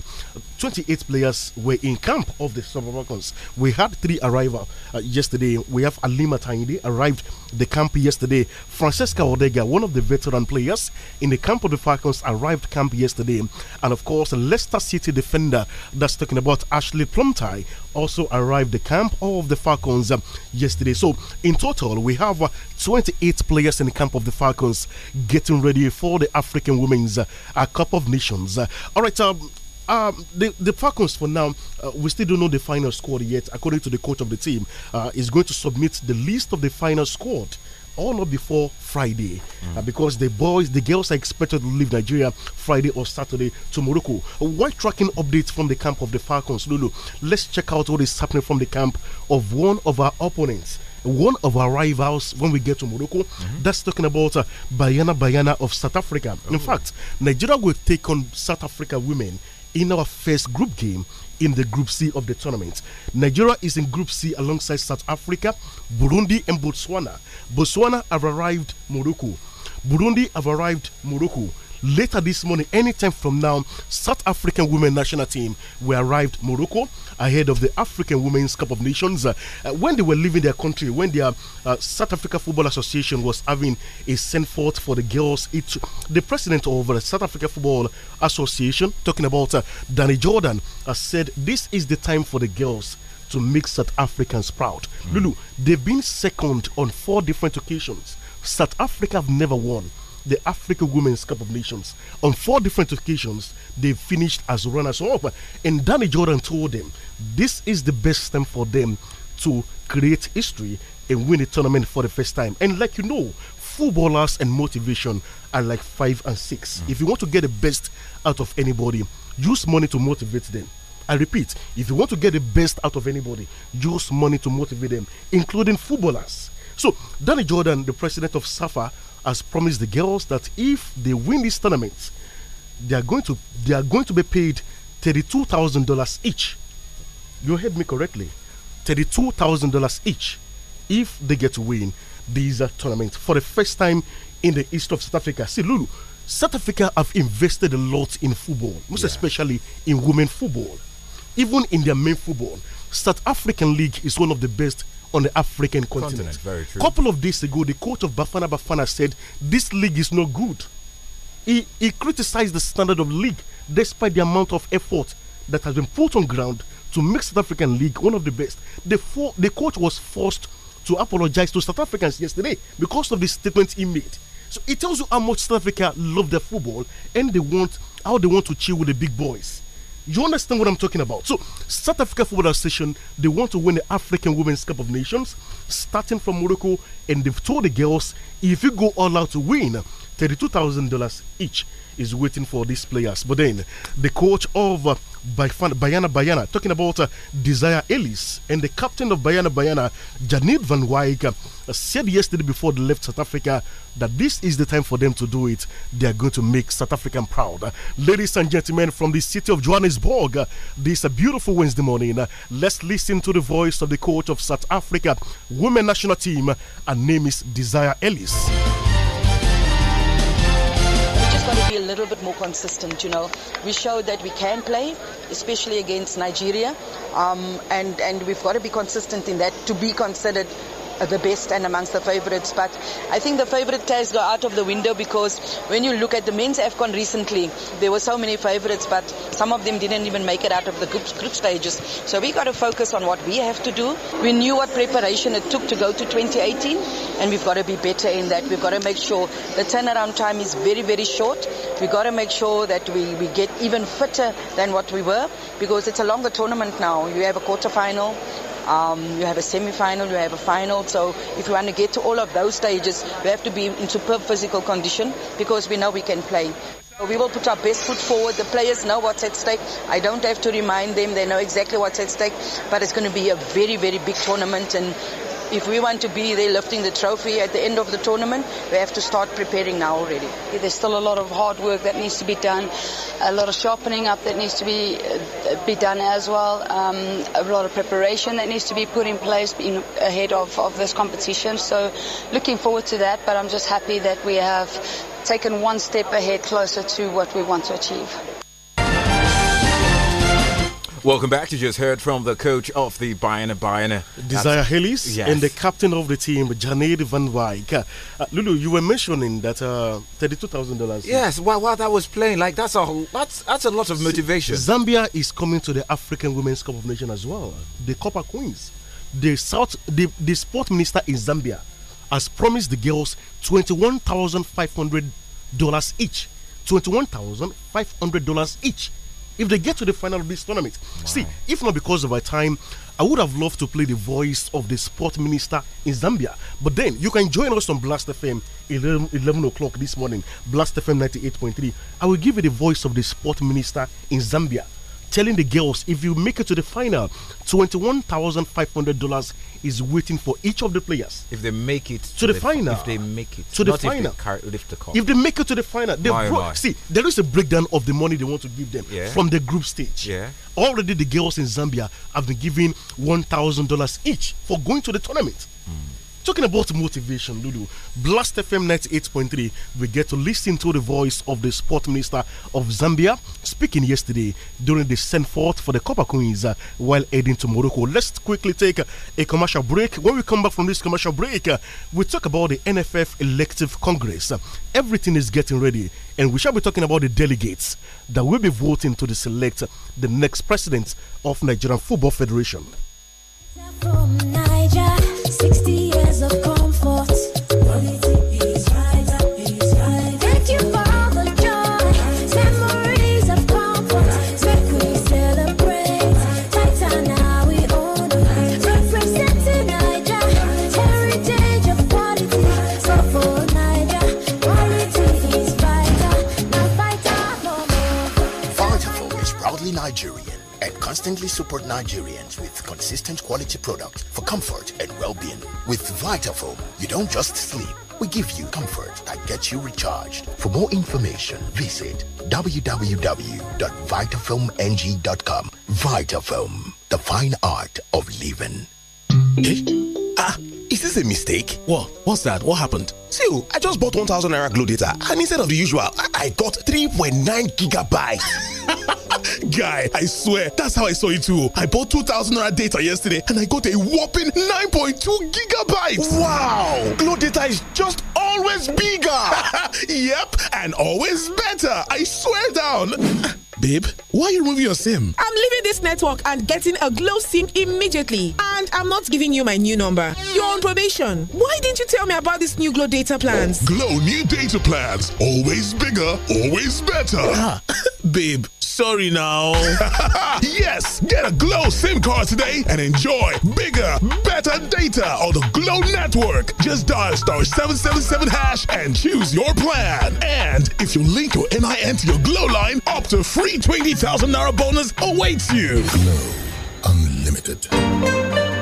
28 players were in camp of the Super Falcons. We had three arrival uh, yesterday. We have Alima Tainde arrived the camp yesterday. Francesca Odega, one of the very veteran players in the camp of the Falcons arrived camp yesterday. And of course, Leicester City defender, that's talking about Ashley Plumtie, also arrived the camp of the Falcons uh, yesterday. So in total, we have uh, 28 players in the camp of the Falcons getting ready for the African Women's uh, Cup of Nations. Uh, all right. Um, um, the, the Falcons for now, uh, we still don't know the final squad yet. According to the coach of the team, uh, is going to submit the list of the final squad all up before Friday mm. uh, because the boys, the girls are expected to leave Nigeria Friday or Saturday to Morocco. One tracking updates from the camp of the Falcons, Lulu. Let's check out what is happening from the camp of one of our opponents one of our rivals when we get to Morocco. Mm -hmm. That's talking about uh, Bayana Bayana of South Africa. Oh. In fact, Nigeria will take on South Africa women in our first group game in the Group C of the tournament. Nigeria is in Group C alongside South Africa, Burundi, and Botswana. Botswana have arrived Morocco. Burundi have arrived Morocco. Later this morning, anytime from now, South African women national team will arrive Morocco ahead of the African Women's Cup of Nations. Uh, when they were leaving their country, when their uh, South Africa Football Association was having a send forth for the girls, it, the president of the uh, South Africa Football Association, talking about uh, Danny Jordan, uh, said this is the time for the girls to make South Africans proud. Mm. Lulu, they've been second on four different occasions. South Africa have never won the Africa Women's Cup of Nations. On four different occasions, they finished as runners up. And Danny Jordan told them this is the best time for them to create history and win a tournament for the first time. And like you know, footballers and motivation are like five and six. Mm. If you want to get the best out of anybody, use money to motivate them. I repeat, if you want to get the best out of anybody, use money to motivate them, including footballers. So, Danny Jordan, the president of SAFA, has promised the girls that if they win this tournament, they are going to they are going to be paid thirty-two thousand dollars each. You heard me correctly, thirty-two thousand dollars each, if they get to win this uh, tournament for the first time in the east of South Africa. See, Lulu, South Africa have invested a lot in football, most yeah. especially in women football, even in their main football. South African League is one of the best on the African continent. continent very true. Couple of days ago, the coach of Bafana Bafana said this league is not good. He, he criticized the standard of league despite the amount of effort that has been put on ground to make South African league one of the best. The, for, the coach was forced to apologize to South Africans yesterday because of the statement he made. So it tells you how much South Africa love their football and they want how they want to chill with the big boys. You understand what I'm talking about? So, South Africa Football Association, they want to win the African Women's Cup of Nations, starting from Morocco, and they've told the girls, if you go all out to win, $32,000 each is waiting for these players. But then the coach of uh, Bayana Bayana, talking about uh, Desire Ellis and the captain of Bayana Bayana, Janet Van Wyk, uh, said yesterday before they left South Africa that this is the time for them to do it. They are going to make South African proud. Uh, ladies and gentlemen, from the city of Johannesburg, uh, this a uh, beautiful Wednesday morning. Uh, let's listen to the voice of the coach of South Africa women national team. Her name is Desire Ellis got to be a little bit more consistent, you know. We showed that we can play, especially against Nigeria, um, and, and we've got to be consistent in that to be considered uh, the best and amongst the favourites. But I think the favourite tags go out of the window because when you look at the men's AFCON recently, there were so many favourites, but some of them didn't even make it out of the group, group stages. So we got to focus on what we have to do. We knew what preparation it took to go to 2018, and we've got to be better in that. We've got to make sure the turnaround time is very, very short. We've got to make sure that we, we get even fitter than what we were because it's a longer tournament now. You have a quarter final, um, you have a semi-final, you have a final. So if you want to get to all of those stages, we have to be in superb physical condition because we know we can play. We will put our best foot forward. The players know what's at stake. I don't have to remind them. They know exactly what's at stake. But it's going to be a very, very big tournament. And if we want to be there lifting the trophy at the end of the tournament, we have to start preparing now already. There's still a lot of hard work that needs to be done, a lot of sharpening up that needs to be uh, be done as well, um, a lot of preparation that needs to be put in place in, ahead of, of this competition. So looking forward to that, but I'm just happy that we have taken one step ahead closer to what we want to achieve. Welcome back. You just heard from the coach of the Bayern Bayern, Desire Helis, yes. and the captain of the team, Janet Van Wyk. Uh, Lulu, you were mentioning that uh, thirty-two thousand dollars. Yes, while, while that was playing, like that's a that's that's a lot of motivation. Zambia is coming to the African Women's Cup of Nations as well. The Copper Queens, the South, the the sport minister in Zambia, has promised the girls twenty-one thousand five hundred dollars each. Twenty-one thousand five hundred dollars each if they get to the final of this tournament. See, if not because of our time, I would have loved to play the voice of the sport minister in Zambia. But then you can join us on Blast FM 11, 11 o'clock this morning, Blast FM 98.3. I will give you the voice of the sport minister in Zambia telling the girls if you make it to the final, $21,500 is waiting for each of the players. If they make it to, to the, the, final, if they make it to the final, if they, the if they, make it to the final, they my, my. see there is a breakdown of the money they want to give them yeah. from the group stage. Yeah. Already, the girls in Zambia have been given one thousand dollars each for going to the tournament. Mm. Talking about motivation, Lulu, Blast FM 98.3, we get to listen to the voice of the sport minister of Zambia speaking yesterday during the send forth for the Copper Queens uh, while heading to Morocco. Let's quickly take uh, a commercial break. When we come back from this commercial break, uh, we talk about the NFF Elective Congress. everything is getting ready, and we shall be talking about the delegates that will be voting to select the next president of Nigerian Football Federation. and constantly support Nigerians with consistent quality products for comfort and well-being. With Vitafoam, you don't just sleep. We give you comfort that gets you recharged. For more information, visit www.vitafilmng.com. Vitafilm, the fine art of living. Eh? Ah, is this a mistake? What? What's that? What happened? See, I just bought 1000 Naira Glow data, and instead of the usual, I, I got 3.9 gigabytes. Guy, I swear, that's how I saw it too. I bought 2,000 Naira data yesterday and I got a whopping 9.2 gigabytes. Wow! Glow data is just always bigger. yep, and always better. I swear down. Babe, why are you removing your SIM? I'm leaving this network and getting a Glow SIM immediately. And I'm not giving you my new number. You're on probation. Why didn't you tell me about this new Glow data plans? Glow new data plans. Always bigger, always better. Ah, babe sorry now. yes, get a Glow SIM card today and enjoy bigger, better data on the Glow network. Just dial star 777 hash and choose your plan. And if you link your NIN to your Glow line, up to free 20,000 Naira bonus awaits you. Glow Unlimited.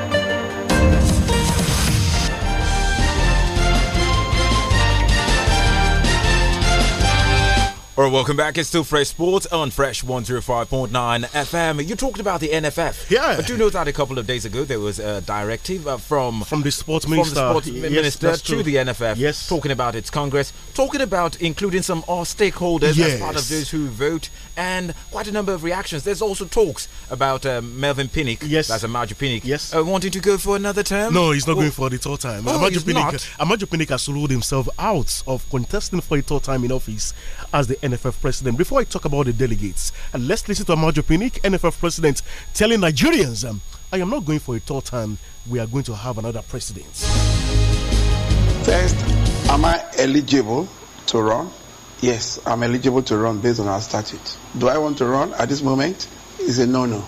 All right, welcome back. It's still Fresh Sports on Fresh 105.9 FM. You talked about the NFF. Yeah. I do know that a couple of days ago there was a directive uh, from from the sports minister, the sports minister to the NFF yes. talking about its Congress, talking about including some all stakeholders yes. as part of those who vote, and quite a number of reactions. There's also talks about um, Melvin Pinnick, yes. that's Amaju Pinnick, yes. Uh, wanting to go for another term. No, he's not going for the third time. Oh, Amaju, Pinnick, Amaju Pinnick has ruled himself out of contesting for a third time in office as the NFF president. Before I talk about the delegates, uh, let's listen to Amadio Pinnick, NFF president, telling Nigerians, um, I am not going for a third time. We are going to have another president. First, am I eligible to run? Yes, I'm eligible to run based on our statute. Do I want to run at this moment? Is a no no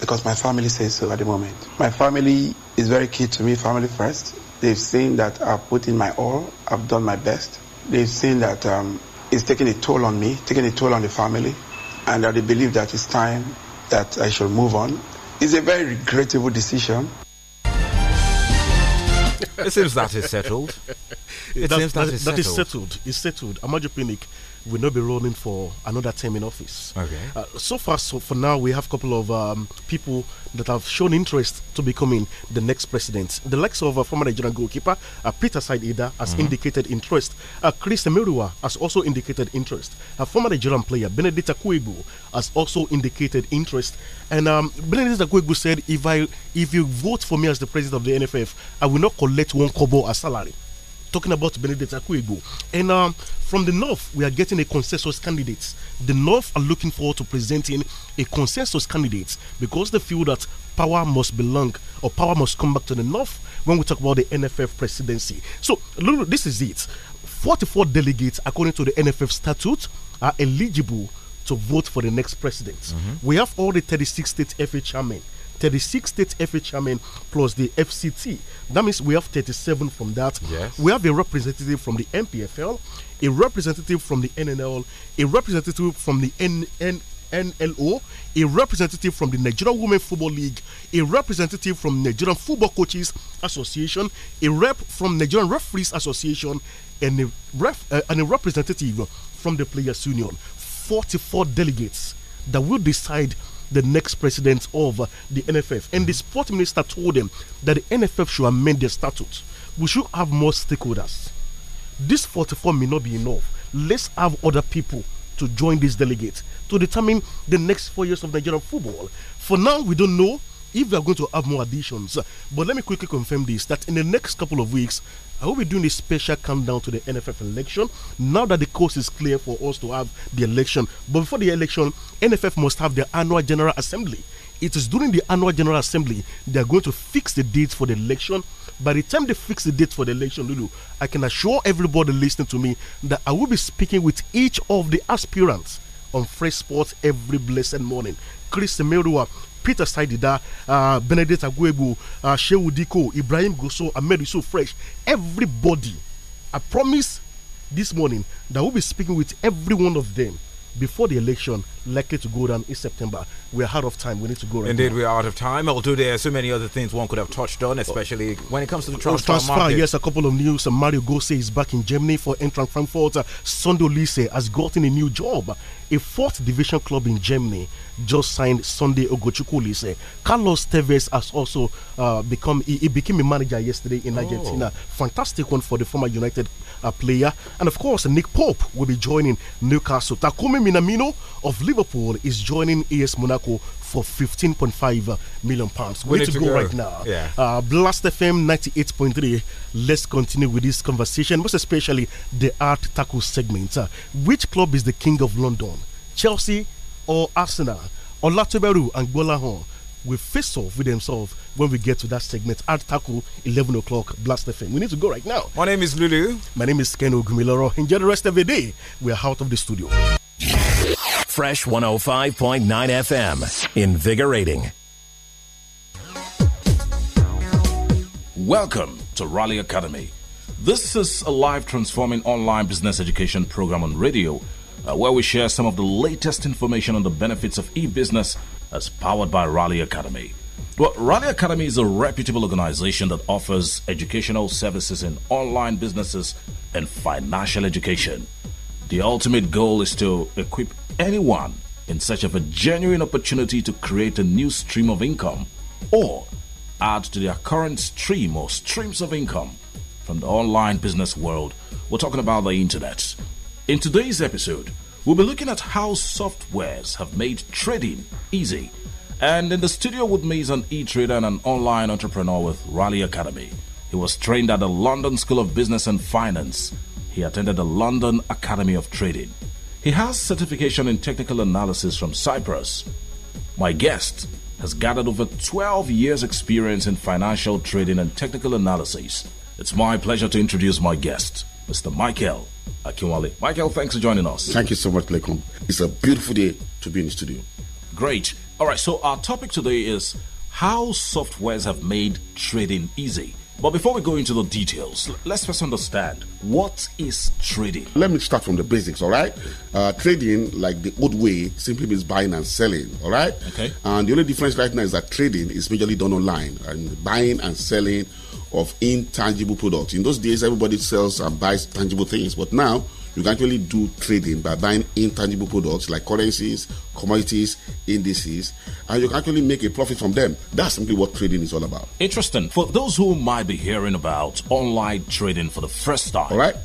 because my family says so at the moment. My family is very key to me, family first. They've seen that I've put in my all, I've done my best. They've seen that um, is taking a toll on me, taking a toll on the family, and I believe that it's time that I should move on. It's a very regrettable decision. it seems that is settled. It that, seems that, that is settled. That is settled. It's settled. Amaju Pinnick will not be running for another term in office. Okay. Uh, so far, so for now, we have a couple of um, people that have shown interest to becoming the next president. The likes of uh, former Nigerian goalkeeper uh, Peter Saidida has mm -hmm. indicated interest. Uh, Chris Emeruwa has also indicated interest. A former Nigerian player Benedict Akuegbu has also indicated interest. And um, Benedict said, "If I if you vote for me as the president of the NFF, I will not collect one kobo as salary." talking about Benedict Akuego. And um, from the North, we are getting a consensus candidate. The North are looking forward to presenting a consensus candidate because they feel that power must belong or power must come back to the North when we talk about the NFF presidency. So, Lulu, this is it. 44 delegates, according to the NFF statute, are eligible to vote for the next president. Mm -hmm. We have all the 36 state FA chairmen 36 state FA chairmen plus the FCT. That means we have 37 from that. Yes. We have a representative from the MPFL, a representative from the NNL, a representative from the NN. NLO, a representative from the Nigerian Women Football League, a representative from Nigerian Football Coaches Association, a rep from Nigerian Referees Association, and a, ref, uh, and a representative from the Players Union. 44 delegates that will decide the next president of the NFF. And the sport minister told them that the NFF should amend their statutes. We should have more stakeholders. This 44 may not be enough. Let's have other people to join this delegate to determine the next four years of Nigerian football. For now, we don't know if we are going to have more additions. But let me quickly confirm this that in the next couple of weeks, I will be doing a special countdown to the NFF election now that the course is clear for us to have the election. But before the election, NFF must have their annual General Assembly. It is during the annual General Assembly they are going to fix the dates for the election. By the time they fix the date for the election, Lulu, I can assure everybody listening to me that I will be speaking with each of the aspirants on Fresh Sports every blessed morning. Chris Emerua Peter Saidida, uh, Benedict Aguebo, uh, Shehu Diko, Ibrahim Goso, Ahmed so Fresh, everybody. I promise this morning that we'll be speaking with every one of them before the election likely to go down in September. We're out of time. We need to go right Indeed, now. we're out of time. Although there are so many other things one could have touched on, especially when it comes to the transfer, transfer market. Yes, a couple of news. Mario Gose is back in Germany for entrant Frankfurt. Sondo Lise has gotten a new job. A fourth division club in Germany just signed Sunday Ogochukwulise. Carlos Tevez has also uh, become he, he, became a manager yesterday in oh. Argentina. Fantastic one for the former United uh, player, and of course Nick Pope will be joining Newcastle. Takumi Minamino of Liverpool is joining AS Monaco for 15.5 uh, million pounds. Where to, to go, go, right now. Yeah. Uh, Blast FM 98.3. Let's continue with this conversation, most especially the art tackle segment. Uh, which club is the king of London? Chelsea, or Arsenal. Olatuberu and Golahon will face off with themselves when we get to that segment at tackle 11 o'clock blast the thing we need to go right now my name is lulu my name is ken ogumiloro enjoy the rest of the day we are out of the studio fresh 105.9 fm invigorating welcome to raleigh academy this is a live transforming online business education program on radio uh, where we share some of the latest information on the benefits of e business as powered by Raleigh Academy. Well, Raleigh Academy is a reputable organization that offers educational services in online businesses and financial education. The ultimate goal is to equip anyone in search of a genuine opportunity to create a new stream of income or add to their current stream or streams of income from the online business world. We're talking about the internet. In today's episode, we'll be looking at how softwares have made trading easy. And in the studio with me is an e trader and an online entrepreneur with Raleigh Academy. He was trained at the London School of Business and Finance. He attended the London Academy of Trading. He has certification in technical analysis from Cyprus. My guest has gathered over 12 years' experience in financial trading and technical analysis. It's my pleasure to introduce my guest. Mr. Michael Akinwale. Michael, thanks for joining us. Thank you so much, Lekon. It's a beautiful day to be in the studio. Great. All right, so our topic today is how softwares have made trading easy. But before we go into the details, let's first understand what is trading. Let me start from the basics, all right? Uh, trading, like the old way, simply means buying and selling, all right? Okay. And the only difference right now is that trading is majorly done online, and buying and selling of intangible products. In those days, everybody sells and buys tangible things, but now you can actually do trading by buying intangible products like currencies, commodities, indices, and you can actually make a profit from them. That's simply what trading is all about. Interesting. For those who might be hearing about online trading for the first time, all right.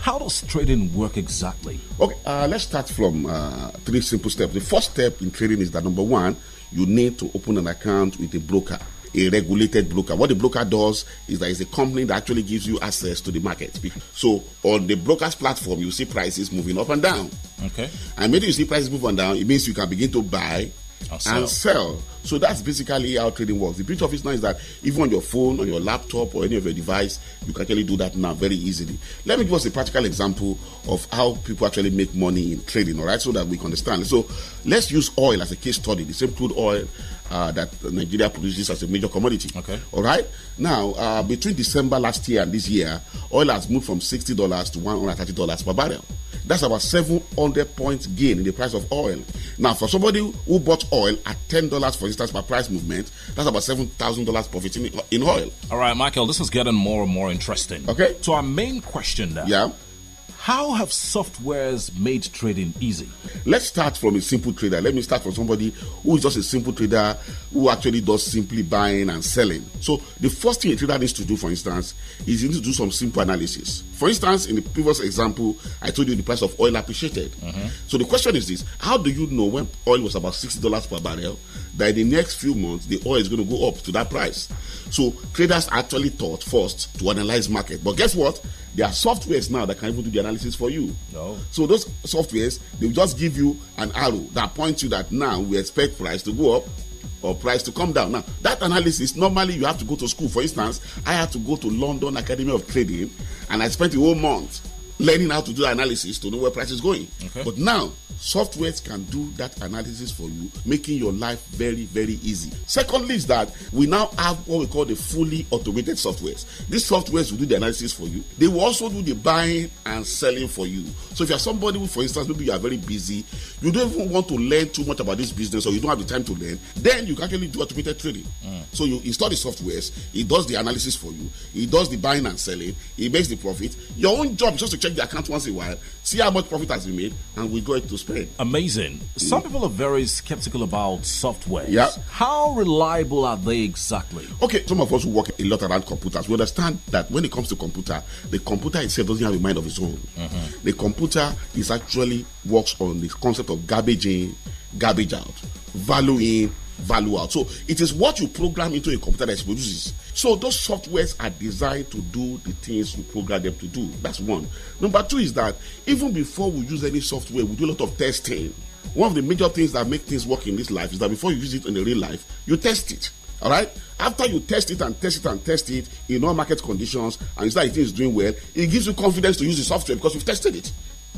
How does trading work exactly? Okay, uh, let's start from uh, three simple steps. The first step in trading is that number one, you need to open an account with a broker a regulated broker. What the broker does is that it's a company that actually gives you access to the market. So on the broker's platform, you see prices moving up and down. Okay. And maybe you see prices move on down, it means you can begin to buy Sell. and sell. So that's basically how trading works. The beauty of it now is that even on your phone, on your laptop, or any of your device, you can actually do that now very easily. Let me give us a practical example of how people actually make money in trading, all right, so that we can understand. So let's use oil as a case study. The same crude oil uh, that Nigeria produces as a major commodity. Okay. All right. Now, uh, between December last year and this year, oil has moved from sixty dollars to one hundred thirty dollars per barrel. That's about seven hundred points gain in the price of oil. Now, for somebody who bought oil at ten dollars, for instance, per price movement, that's about seven thousand dollars profit in, in oil. All right, Michael, this is getting more and more interesting. Okay. So our main question now. Yeah how have softwares made trading easy? Let's start from a simple trader. Let me start from somebody who is just a simple trader who actually does simply buying and selling. So, the first thing a trader needs to do, for instance, is you need to do some simple analysis. For instance, in the previous example, I told you the price of oil appreciated. Mm-hmm. So, the question is this How do you know when oil was about $60 per barrel that in the next few months the oil is going to go up to that price. So traders actually thought first to analyze market. But guess what? There are softwares now that can even do the analysis for you. No. So those softwares they will just give you an arrow that points you that now we expect price to go up or price to come down. Now, that analysis normally you have to go to school. For instance, I had to go to London Academy of Trading and I spent a whole month learning how to do analysis to know where price is going. Okay. But now, softwares can do that analysis for you, making your life very, very easy. Secondly, is that we now have what we call the fully automated softwares. These softwares will do the analysis for you. They will also do the buying and selling for you. So if you're somebody who, for instance, maybe you are very busy, you don't even want to learn too much about this business or you don't have the time to learn, then you can actually do automated trading. Mm. So you install the softwares, it does the analysis for you, it does the buying and selling, it makes the profit. Your own job is just to check check the account once in a while, see how much profit has been made, and withdraw it to spend. Amazing. Some mm. people are very skeptical about software. Yeah. How reliable are they exactly? Okay, some of us who work a lot around computers, we understand that when it comes to computer, the computer itself doesn't have a mind of its own. Mm-hmm. The computer is actually works on this concept of garbage in, garbage out, value in, value out. So it is what you program into a computer that produces so those softwares are designed to do the things we program them to do. That's one. Number two is that even before we use any software, we do a lot of testing. One of the major things that make things work in this life is that before you use it in the real life, you test it. All right. After you test it and test it and test it in all market conditions, and you start it is doing well, it gives you confidence to use the software because you've tested it.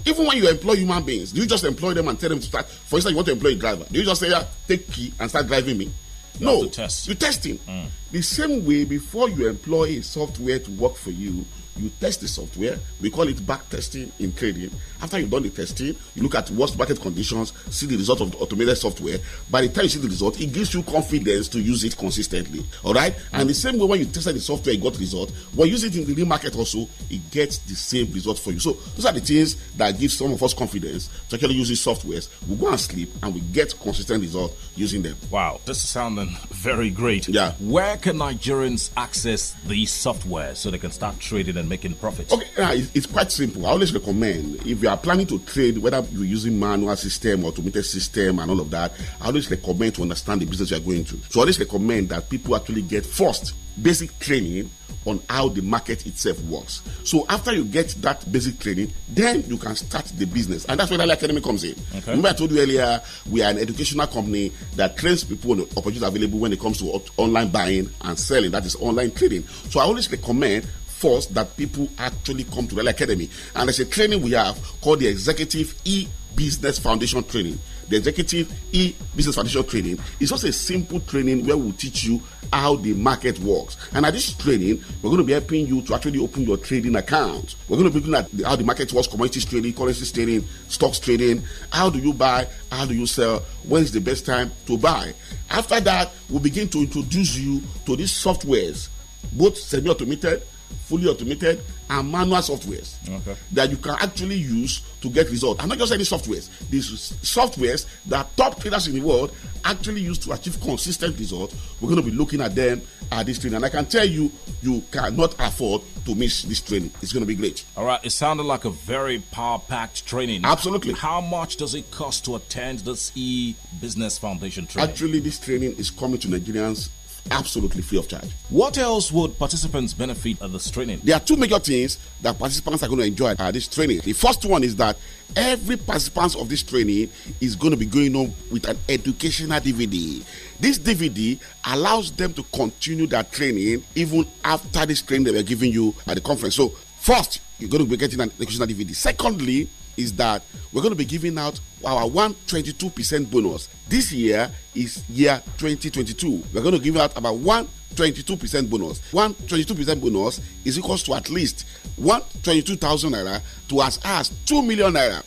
Even when you employ human beings, do you just employ them and tell them to start? For instance, you want to employ a driver. Do you just say, yeah, take key and start driving me? no, test. you test him. Mm. The same way, before you employ a software to work for you, you test the software. We call it back testing in trading. After you've done the testing, you look at what's market conditions, see the result of the automated software. By the time you see the result, it gives you confidence to use it consistently. All right? And the same way when you tested the software, you got result. When you use it in the real market also, it gets the same result for you. So those are the things that give some of us confidence to actually use these softwares. We go and sleep and we get consistent results using them. Wow, this is sounding very great. Yeah. Where can Nigerians access these software so they can start trading and making profits? Okay, yeah, it's quite simple. I always recommend if you are are planning to trade, whether you're using manual system, automated system, and all of that, I always recommend to understand the business you are going to. So I always recommend that people actually get first basic training on how the market itself works. So after you get that basic training, then you can start the business. And that's where the Academy comes in. Okay. Remember I told you earlier, we are an educational company that trains people on the opportunities available when it comes to online buying and selling. That is online trading. So I always recommend force that people actually come to the Academy. And there's a training we have called the Executive E Business Foundation Training. The Executive E Business Foundation Training is just a simple training where we'll teach you how the market works. And at this training, we're going to be helping you to actually open your trading account. We're going to be looking at how the market works, commodities trading, currency trading, stocks trading. How do you buy? How do you sell? When's the best time to buy? After that, we'll begin to introduce you to these softwares, both semi automated fully automated and manual softwares okay. that you can actually use to get results. And not just any softwares, these softwares that top traders in the world actually use to achieve consistent results. We're going to be looking at them at this training. And I can tell you, you cannot afford to miss this training. It's going to be great. All right. It sounded like a very power packed training. Absolutely. How much does it cost to attend this e business foundation training? Actually, this training is coming to Nigerians absolutely free of charge. What else would participants benefit at this training? There are two major things that participants are going to enjoy at this training. The first one is that every participant of this training is going to be going on with an educational DVD. This DVD allows them to continue their training even after this training they were giving you at the conference. So, first, you're going to be getting an educational DVD. Secondly, is that we're going to be giving out our 122% bonus. This year is year 2022. We're going to give out about 122% bonus. 122% bonus is equals to at least 122,000 naira to as high as 2 million naira.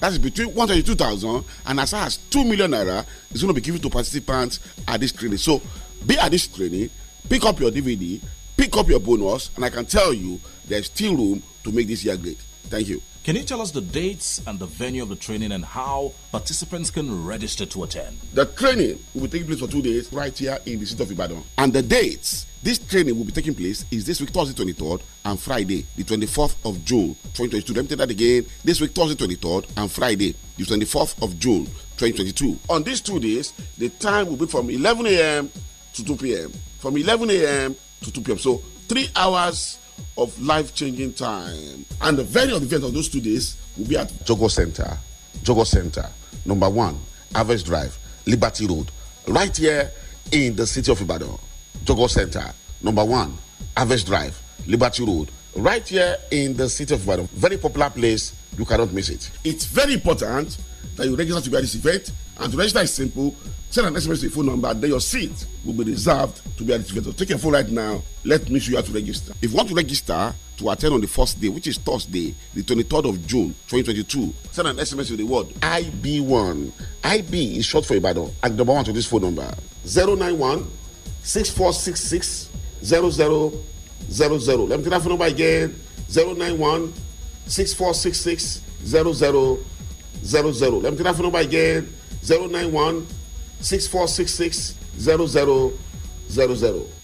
That is between 122,000 and as high as 2 million naira is going to be given to participants at this training. So be at this training, pick up your DVD, pick up your bonus, and I can tell you there's still room to make this year great. Thank you. Can you tell us the dates and the venue of the training and how participants can register to attend? The training will be taking place for two days right here in the city of Ibadan. And the dates this training will be taking place is this week Thursday 23rd and Friday the 24th of June 2022. Let me take that again. This week Thursday 23rd and Friday the 24th of June 2022. On these two days, the time will be from 11 a.m. to 2 p.m. From 11 a.m. to 2 p.m. So three hours of life changing time. And the venue of the event of those two days will be at Jogo Center. Jogo Center, number one, Average Drive, Liberty Road, right here in the city of Ibadan. Jogo Center, number one, Average Drive, Liberty Road, right here in the city of Ibadan. Very popular place. You cannot miss it. It's very important that you register to be at this event And to register is simple. Send an SMS to your phone number, then your seat will be reserved to be identified. So take your phone right now. Let me show you how to register. If you want to register to attend on the first day, which is Thursday, the 23rd of June, 2022, send an SMS with the word IB1. IB is short for Ibadan. And number one to this phone number 091 6466 0000. Let me take that phone number again 091 6466 0000. Let me take that phone number again 091 6466 0000. If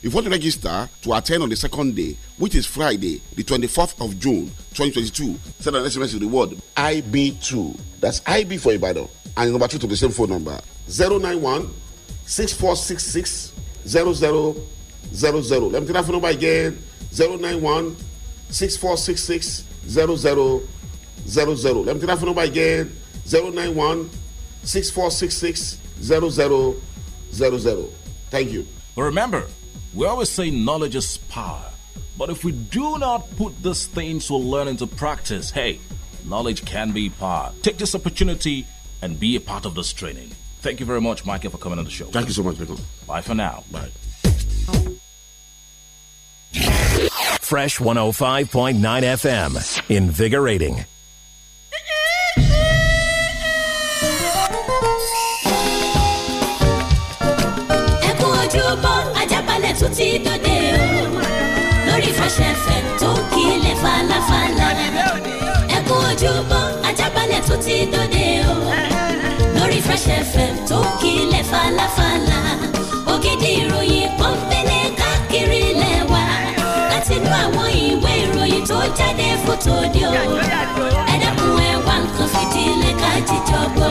you want to register to attend on the second day, which is Friday, the 24th of June 2022, send an SMS to the word IB2. That's IB for Ibadan. And number two to the same phone number 091 6466 0000. Let me take that phone number again 091 6466 0000. Let me take that phone number again Zero nine one 6466 Thank you. But remember, we always say knowledge is power. But if we do not put these things we learn into practice, hey, knowledge can be power. Take this opportunity and be a part of this training. Thank you very much, Michael, for coming on the show. Thank you so much, Michael. Bye for now. Bye. Fresh 105.9 FM. Invigorating. ti dòde o lórí Fresh FM tó kílẹ̀ falafala ẹ kú ojúmọ́ ajábalẹ̀ tó ti dòde o lórí Fresh FM tó kílẹ̀ falafala ògidì ìròyìn pọ́npẹ́lẹ́ káàkiri lẹ́wà láti inú àwọn ìwé ìròyìn tó jáde fótó di o ẹ dẹ́kun nǹkan fìdílé ká jíjọ gbọ́.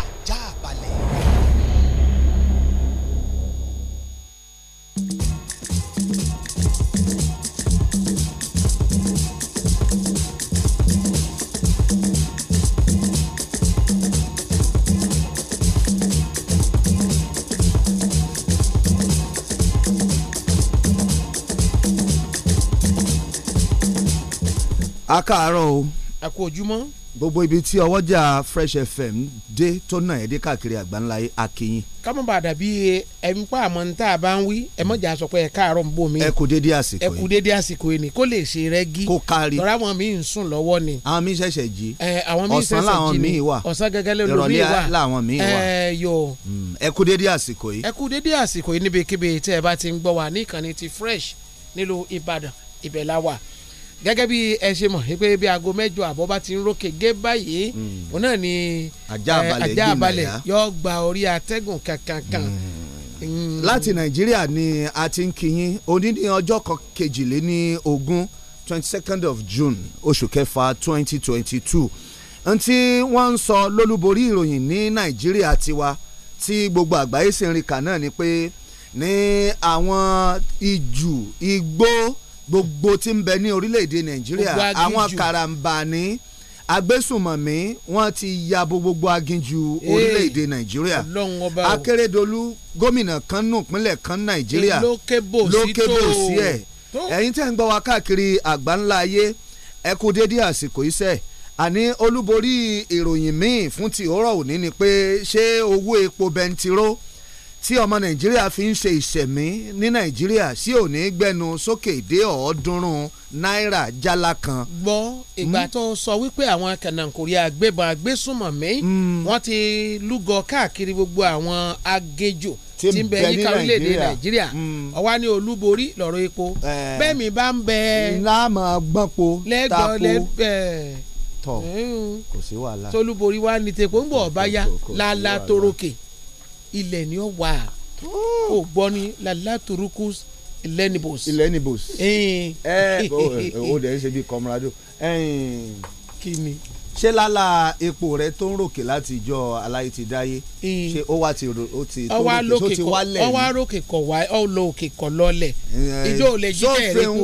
káàárọ̀ o. ẹ kú ojúmọ́. gbogbo ibi tí ọwọ́jà Fresh FM dé tó nà ẹ́ dé káàkiri àgbáńlá akínyìn. kámọ́ bá dàbí ẹ̀mí pa àmọ́ ní tá a bá ń wí ẹ̀mọ́jà sọ pé ẹ káàárọ̀ ń bò mí. ẹ kú dédé àsìkò yìí ẹ kú dédé àsìkò yìí ni kó lè ṣe rẹ́gí. kó kárí lọ́ra àwọn míì ń sùn lọ́wọ́ ni. àwọn míì ṣẹ̀ṣẹ̀ jí. ọ̀sán làwọn míì wà ọ̀sán gẹ́gẹ́ lórí làwọn míì wà. ẹ yọ. Hmm, ẹ kú dédé àsìkò yìí. ẹ kú Fresh nílùú Ìbàdàn ibẹ̀ gẹ́gẹ́ bí ẹ ṣe mọ̀ pé bí aago mẹ́jọ àbọ̀ bá ti ń rókè gé báyìí hmm. òun náà ni ajá àbálẹ̀ yóò gba orí atẹ́gùn kankankan. Hmm. Hmm. láti nàìjíríà ni a ti ń kíyìn òní ní ọjọ́ kejìléní ogún twenty second of june oṣù kẹfà twenty twenty two ntí wọ́n ń sọ lólúborí ìròyìn ní nàìjíríà tiwa tí gbogbo àgbáyé sì ń rìn kà náà ni pé ní àwọn ijù igbó gbogbo tí ń bẹ ní orílẹ̀-èdè nàìjíríà àwọn karambani agbésùnmọ̀mí wọ́n ti ya bo gbogbo aginjù eh, orílẹ̀-èdè nàìjíríà akérèdọ́lù gómìnà kan nù pínlẹ̀ kan nàìjíríà lókèbò sí ẹ̀ ẹ̀yin tẹ́ ń gbọ́ wa káàkiri àgbáńlá ayé ẹ kú dédé àsìkò iṣẹ́ àní olúborí ìròyìn míì fún ti òórọ̀ òní ni pé ṣé owó epo bẹntiró tí ọmọ nàìjíríà fi ń ṣe ìṣẹ̀mí ní nàìjíríà sí òní gbẹnu sókè dé ọ̀ọ́dúnrún náírà jálá kan. gbọ́ ìgbà hmm? tó sọ wípé àwọn kànáńkòrí agbébọn agbésùmọ̀mí hmm. wọ́n ti lúgọ káàkiri gbogbo àwọn agéjò tí ń bẹ ní kárílẹ̀-èdè nàìjíríà ọ̀wá hmm. ní olúborí lọ́rọ̀ epo eh. bẹ́ẹ̀ mi bá ń bẹ. láàmú gbọ́npo tapo eh. tọ̀ kò sí wàhálà. tolúborí wa ní tepo ń bọ̀ ọ̀bá ya lálá ilẹ̀ ni ó wà ó gbọ́ ni lalaturukus ilenibus. ilenibus ẹ o dẹ̀ ń ṣe bíi comrado. kí ni. ṣé lálá epo rẹ tó ń ròkè láti ìjọ aláìtídáyé ṣé ó wà tí ó ti tó ròkè tó ti wálẹ̀ ni. ọwọ́ arókè kọ̀ wá ọ lọ òkè kọ̀ lọ́lẹ̀ ìjọ ò lè jí bẹ́ẹ̀ rẹ kú.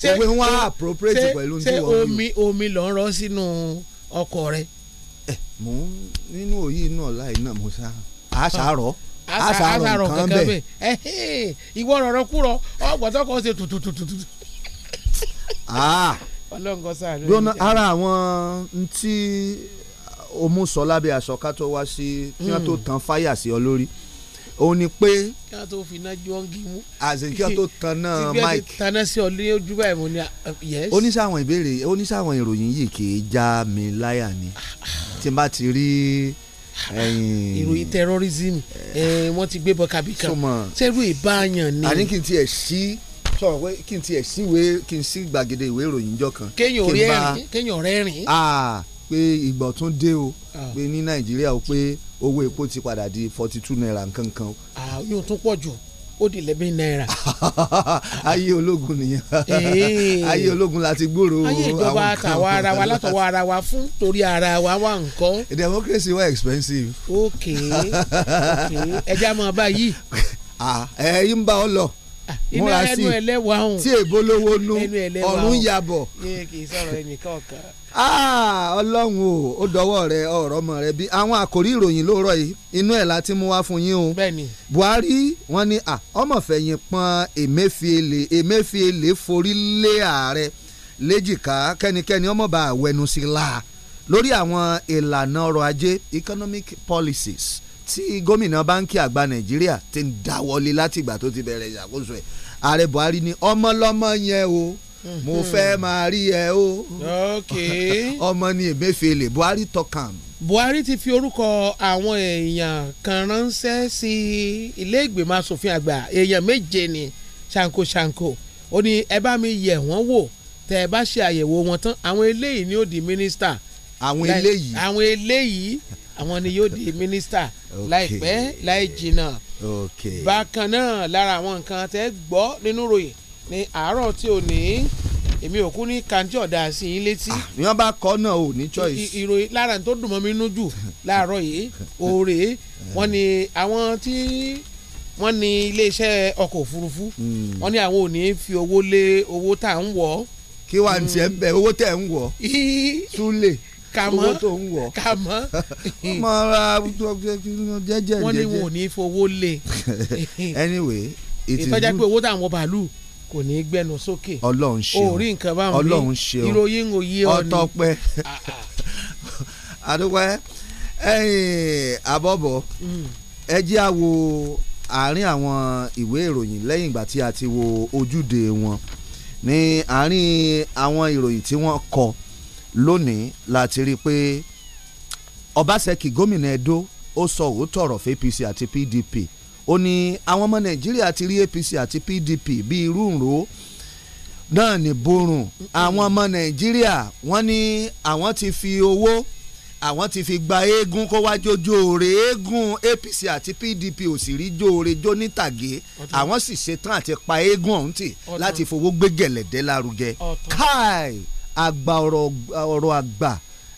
ṣé òwe wọn appropriate pẹ̀lú ní wọn. ṣé omi omi lọ ń rọ sínú ọkọ̀ rẹ. ẹ mò ń nínú òyìn náà láì náà mo sáà àṣàrọ̀ àṣàrọ̀ nǹkan bẹ́ẹ̀. ìwọ rọ̀rọ̀ kúrọ̀ ọgbọ̀tọ̀ kan ṣe tututututu. gbóná ara àwọn ntí omuso lábẹ́ aṣọ ká tó wá sí kí wọ́n tó hmm. tan fáyà sí ọ lórí òun ni pé. kí wọ́n tó fi iná jọ ń gímú. àṣẹ kí wọ́n tó tan náà mike. tí bí wọ́n ti taná sí ọ ní ojú báyìí mo ní ah, ah, yes. oníṣàwọn ìbéèrè oníṣàwọn ìròyìn yìí kì í já mi láyà ni ah, tí n bá ti rí ìròyìn terrorism wọ́n ti gbé bọ́ kábí kan tẹ́rù ìbáyàn ni. àní kí n tiẹ̀ sí sọ pé kí n tiẹ̀ sí ìwé kí n sí gbàgede ìwé ìròyìn jọ kan. kéèyàn rẹ rìn kéèyàn rẹ rìn. pé ìgbọ̀n tún dé o pé ní nàìjíríà o pé owó epo ti padà di forty two naira nǹkan kan. yóò tún pọ̀ jù ó di eleven naira. ayé ológun nìyẹn ayé ológun la ti gbòòrò àwọn nǹkan. ayé ìjọba àtàwọn ara wa látọwọ́ ara wa fún torí ara wa wà nǹkan. democracy wa expensive. ok ok ẹja mọ báyìí. ẹ yín ah, bá ọ lọ. Ah, múra sí tí èbó lówó nú ọ̀run yabọ̀. Ah, ọlọ́run o ó dọwọ́ rẹ ọ̀rọ̀ ọmọ rẹ bí àwọn àkòrí ìròyìn lóòrọ̀ yìí inú ẹ̀ láti mú wá fún yín o Buhari wọ́n ní ọmọfẹ̀yìn pọ́n Emefiele Emefiele forí lé ààrẹ léjìká kẹ́nikẹ́ni ọmọọba àwẹnusí la lórí àwọn ìlànà ọrọ̀ ajé economic policies tí gómìnà báńkì àgbà nàìjíríà ti ń dáwọ́lé látìgbà tó ti bẹ̀rẹ̀ ìṣàkóso ẹ̀ ààrẹ buhari ní ọmọlọ́mọ yẹn o mo hmm. fẹ́ máa rí ẹ o ọmọ ni emefiele buhari tọkàn. buhari ti fi orúkọ àwọn èèyàn kan ránṣẹ́ sí ilé ìgbìmọ̀ asòfin àgbà èèyàn méje ni ṣanko ṣanko ó ní ẹ bá mi yẹ̀ wọ́n wò tẹ́ ẹ bá ṣe àyẹ̀wò wọn tán àwọn eléyìí ni ó di mínísítà. àwọn eléyìí àwọn eléyìí àwọn ni yóò di minister, láìpẹ́ láì jìnnà bákan náà lára àwọn nǹkan tẹ́ gbọ́ nínú ròyìn ní àárọ̀ tí ò ní èmi ò ní kanti ọ̀dà sí i létí. ni ah, wọ́n bá kọ́ náà ò ní choice. ìròyìn lára tó dùn mọ́ mi nú jù láàárọ̀ yìí òòrè eh. wọ́n ní àwọn tí wọ́n ní iléeṣẹ́ ọkọ̀ òfurufú hmm. wọ́n ní àwọn ò ní fi owó lé owó tá à ń wọ̀. kí wàá tiẹ̀ ń owó tẹ̀ ń wọ̀ súlẹ̀ kàmọ́ tó ọmọ ara jẹ́jẹ́ jẹ́jẹ́. ní wọn ò ní fowó lé. anyway ìtọ́jà pé owó táwọn bàálù kò ní í gbẹnu sókè. Ọlọ́run ṣeun orí nǹkan bá wọn ní ìròyìn òye ọ̀nì. ọtọpẹ àdúpẹ́ ẹ̀yìn àbọ̀bọ̀ mm. ẹ jẹ́ à wo àárín àwọn ìwé ìròyìn lẹ́yìn ìgbà tí a ti wo ojúde wọn ní àárín àwọn ìròyìn tí wọ́n kọ lónìí láti rí i pé Ọbaṣẹ́kì gómìnà Edo ó sọ òótọ́ ọ̀rọ̀ fún APC àti PDP ó ní àwọn ọmọ Nàìjíríà ti rí APC àti PDP bí irú ìró náà ní borun àwọn ọmọ Nàìjíríà wọ́n ní àwọn ti fi owó àwọn ti fi gba eégún kó wá jójó rè eégún APC àti PDP ò sì rí jóore jó nítàgé àwọn sì ṣetán àti pa eégún ọ̀hún tì láti fowó gbé gẹ̀lẹ̀dẹ́ lárugẹ káì àgbà ọ̀rọ̀ àgbà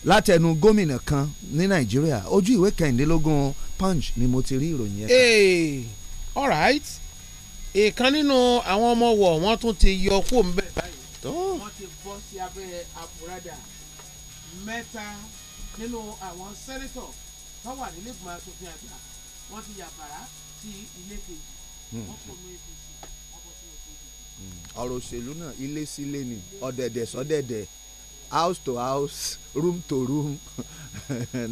látẹnu gómìnà kan ní nàìjíríà ojú ìwé kẹrìndínlógún punch ni mo ti rí ìròyìn ẹ̀. ee all right ìkan nínú àwọn ọmọ wọ̀ wọ́n tún ti yọ kó ń bẹ̀ báyìí. wọ́n ti bọ́ sí abẹ́ àbúradà mẹ́ta nínú àwọn sẹ́nẹ́tọ̀ tó wà nílẹ̀ ìgbìmọ̀ asòfin àgbà wọ́n ti yàbàrá sí ilé kejì hmm. wọ́n kò ní ibi ọ̀rọ̀ òṣèlú náà ilé sílé ni ọ̀dẹ̀dẹ̀ sọ́dẹ̀dẹ̀ house to house room to room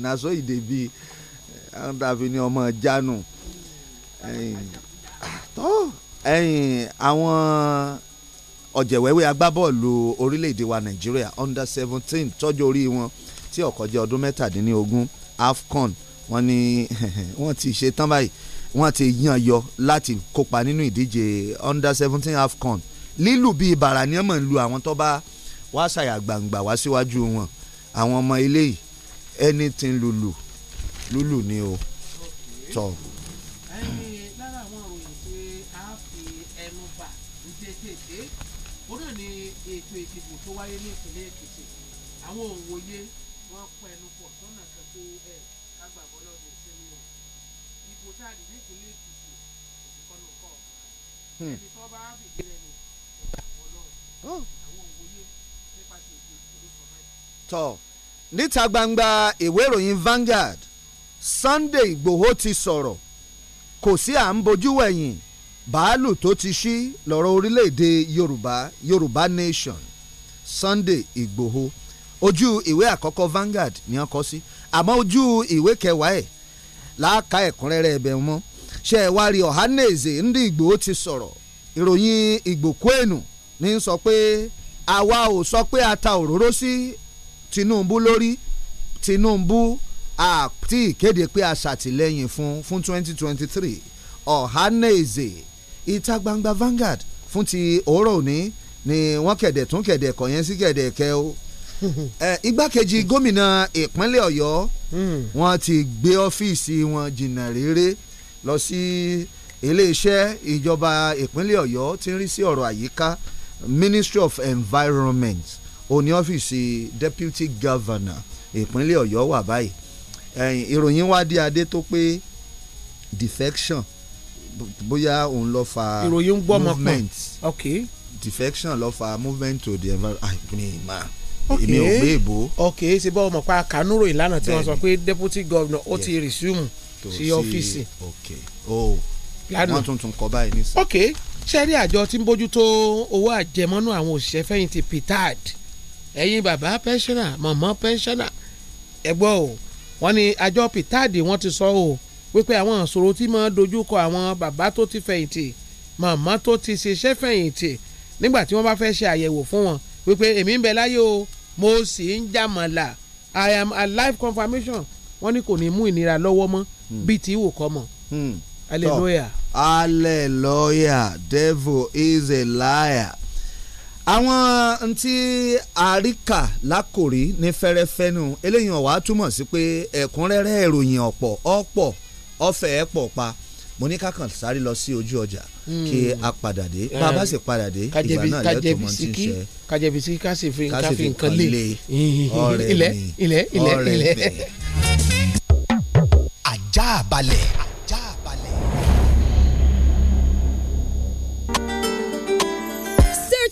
na so e dey be àwọn tàbí ni ọmọ jánu tó àwọn ọ̀jẹ̀wẹ́wẹ́ agbábọ́ọ̀lù orílẹ̀‐èdè wa nàìjíríà under seventeen tọ́jú orí wọn tí ó kọjá ọdún mẹ́tàdínlógún afcon wọn ni wọ́n ti ṣe tán báyìí wọ́n ti yan yọ láti kópa nínú ìdíje under seventeen afcon lílù bíi bàrà ni wọ́n máa ń lu àwọn tó bá wá ṣàyà gbangba wá síwájú wọn àwọn ọmọ ilé yìí lulu tí a fi ẹnu bà ń tètè ó náà ni o ìbò tá a dì ní ìpínlẹ̀ Èkìtì òsìkọ́nù kọ̀ọ̀kan hmm. ẹni tọ̀ níta gbangba ìwé ìròyìn vangard Sunday Igboho ti sọ̀rọ̀ kò sí à ń bojú wẹ̀yìn bàálù tó ti ṣí lọ́rọ̀ orílẹ̀‐èdè Yorùbá Yorùbá Nation Sunday Igboho ojú ìwé àkọ́kọ́ vangard ni wọ́n kọ sí àmọ́ ojú ìwé kẹwàá ẹ̀ láàka ẹ̀kúnrẹ́rẹ́ ẹ̀bẹ̀ mọ́ ṣe ẹ̀ wá rí Ọ̀hánèzè Ndị Igboho ti sọ̀rọ̀ ìròyìn ìgbòkú ènù ní sọ pé àwa ò sọ pé a ta òróró sí Tinubu lórí Tinubu àti ìkéde pé a ṣàtìlẹ́yìn fún fún 2023 Ohanaeze ìta gbangba Vanguard fún ti òórọ̀ òní ni wọ́n kẹ̀dẹ̀ tún kẹ̀dẹ̀ kọ̀ yẹn sí kẹ̀dẹ̀ kẹ́ o igbákejì gómìnà ìpínlẹ̀ Ọ̀yọ́ hmm. wọ́n ti gbé ọ́fíìsì wọn jìnnà réré lọ sí iléeṣẹ́ ìjọba ìpínlẹ̀ Ọ̀yọ́ tí ń rí sí ọ̀rọ̀ àyíká Ministry of Environment òní ọ́fíìsì deputy governor ìpínlẹ̀ ọ̀yọ́ wà báyìí ìròyìn wá dé adé tó pé defection bóyá òun ló fa ìròyìn movement okay. defection ló fa movement to the environment i mean ma èmi ò gbé ìbò. ok ṣe bá ọmọ pa kanúrò ìlànà tí wọ́n sọ pé deputy governor ó ti resume sí ọ́fíìsì. ok oh wọ́n tuntun kọ báyìí nísìnyí. ok ṣẹ́rí àjọ tí ń bójútó owó àjẹmọ́nú àwọn òṣìṣẹ́ fẹ̀yìntì petard ẹ̀yin bàbá pẹ́ńsánà màmá pẹ́ńsánà ẹ̀gbọ́ o wọ́n ní àjọ pitaadi wọ́n ti sọ o wípé àwọn ìṣòro tí máa dojú kọ àwọn bàbá tó ti fẹ̀yìntì màmá tó ti ṣiṣẹ́ fẹ̀yìntì nígbà tí wọ́n bá fẹ́ ṣe àyẹ̀wò fún wọn wípé èmi ń bẹ láyé o mo sì ń jàmọ̀là i am a alive confirmation wọ́n ní kò ní mú ìnira lọ́wọ́ mọ́ hmm. bíi ti wò kọ́ mọ́ hmm. hallelujah. hallelujah devil is a liar àwọn ntí àríkà lákòrí ní fẹ́rẹ́fẹ́ nù eléyìí ọ̀wá túmọ̀ sí pé ẹ̀kúnrẹ́rẹ́ ìròyìn ọ̀pọ̀ ọ̀pọ̀ ọ̀fẹ́ ẹ̀ pa mo ní kákan sáré lọ sí ojú ọjà hmm. kí a padà dé bá a bá sì padà dé ìgbà náà lẹ́tọ̀ mọ́ ti ṣe kájẹbi sí ká fi nǹkan lé ọ̀rẹ́ mi ọ̀rẹ́ mi. ajá balẹ̀.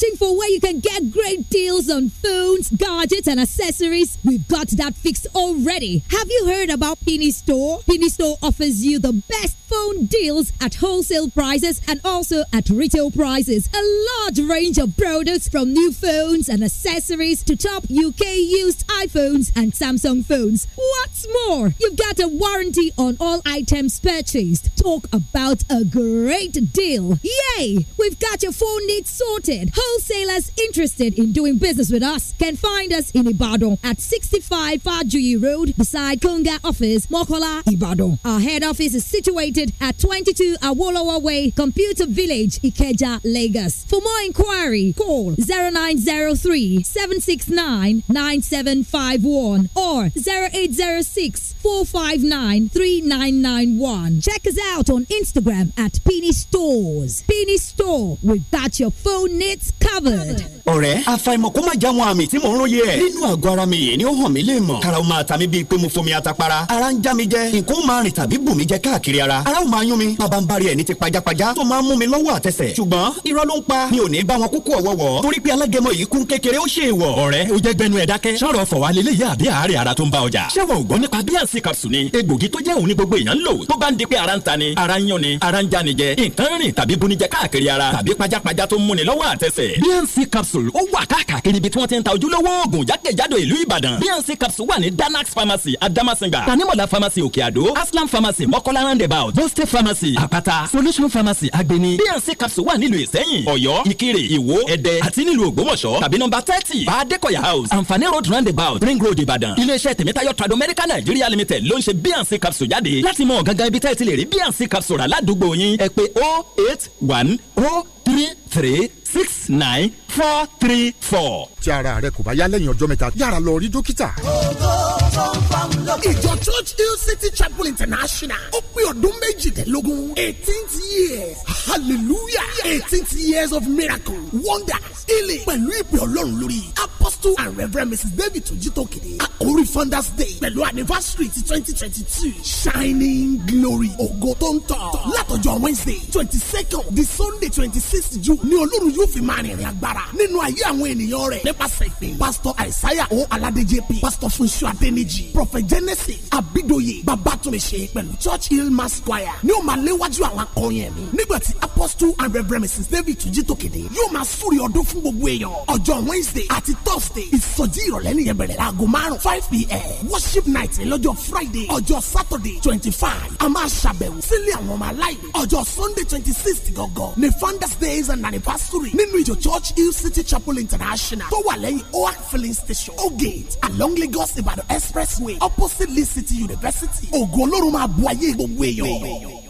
Searching for where you can get great deals on phones, gadgets, and accessories? We've got that fixed already. Have you heard about Pini Store? Pini Store offers you the best phone deals at wholesale prices and also at retail prices. A large range of products from new phones and accessories to top UK used iPhones and Samsung phones. What's more, you've got a warranty on all items purchased talk about a great deal. Yay! We've got your phone needs sorted. Wholesalers interested in doing business with us can find us in Ibadan at 65 Fajuyi Road beside Konga office, Mokola, Ibadan. Our head office is situated at 22 Awolowo Way, Computer Village, Ikeja, Lagos. For more inquiry, call 0903 769 9751 or 0806 459 3991. Check us out out on Instagram at Peony Stores. Peony Store, we've got your phone needs covered. ọ̀rẹ́ àfàìmọ̀ kó má jáwọn àmì tí mò ń róye ẹ̀. nínú àgọ́ ara mi yìí ni ó hàn mí lè mọ̀. karaw máa ta mi bíi pé mo fomi atapara. ara ń já mi jẹ nǹkan máa rìn tàbí bù mí jẹ káàkiri ara. ara ò máa yún mi. bàbá ń bari ẹ̀ ní ti pajápajá tó máa ń mú mi lọ́wọ́ àtẹsẹ̀. ṣùgbọ́n irọ́ ló ń pa mi ò ní bá wọn kúkú ọ̀wọ́wọ́. torí pé alágẹmọ yìí kún kékeré ó ṣe ìwọ̀. ọ̀rẹ́ o jẹ́ gbẹnu ẹ̀ dákẹ́. sọ̀rọ̀ fọ̀wá lélẹ̀ yá àbí àárẹ̀ ara tó ń bá ọjà. ṣé wọn ni ara ń yún ni ara ń jáni jẹ nǹkan rìn tàbí bunijẹ káàkiri ara tàbí pajápajá tó ń múni lọ́wọ́ àtẹsẹ̀. bnc capsule ó wà káàkiri ibi tí wọ́n ti ń ta ojúlówó oògùn jákèjádò ìlú ìbàdàn bnc capsule wà ní danax pharmacy adamasinga tanimola pharmacy òkè aslam pharmacy mọ́kọ́lá roundabout boste pharmacy Apata, solution pharmacy agbeni bnc capsule wà nílùú ìsẹ́yìn ọ̀yọ́ ìkirè ìwó ẹdẹ àti nílùú ògbómọ̀ṣọ́ tàbí nọ́mbà thirty bá adékọ̀yà house àǹfààní road roundabout ring road ìbàdàn iléeṣẹ́ tèmítayọ̀ tradomedical nigeria limited ló ń ṣe bnc capsule jáde láti mọ̀ gangan ibi tẹ́ẹ̀ ti lè rí bnc vitamin c capsule aládùúgbò yín ẹ pé oh eight one O oh three three six nine four three four. tí ara rẹ kò bá yá lẹ́yìn ọjọ́ mẹ́ta yára lọ rí dókítà. ìjọ church hill city chapel international ó pé ọdún méjìdínlógún eighteenth years hallelujah eighteenth years of miracle wonders healing pẹ̀lú ìpè ọlọ́run lórí apostle and reverend mrs david ojito kede àkórí founders day pẹ̀lú anniversary ti twenty twenty two shining glory ògo tó ń tọ̀ látọjọ́ wednesday twenty second the sunday twenty sixth june ni Ọlọ́run yóò fi máa rìnrìn agbára nínú ayé àwọn ènìyàn rẹ̀ nípasẹ̀ ìpè pásítọ̀ àìsáyà o aládé jp pásítọ̀ funṣu adéníjì prophet genesis abidoye babatunmise pẹ̀lú church hill mass choir ni ó máa léwájú àwọn akọrin ẹ̀mí nígbà tí apostle and reverend mrs david tuji tòkèdè yóò máa súre ọdún fún gbogbo èèyàn ọjọ́ wednesday àti thursday ìsọjí ìrọ̀lẹ́ nìyẹn bẹ̀rẹ̀ láago márùn five pm worship night lọ́jọ́ friday ọjọ́ saturday twenty five a máa ṣàbẹ̀wò sílé àwọn ọmọ aláìní ọjọ́ sunday twenty six gangan ni founders days and anniversary nínú ìjọ church hill city chapel international tó wà lẹ́yìn oak filling station ogate along lagos ibadan expressway opposite lee city university ògo olórun máa bu ayé gbogbo èèyàn.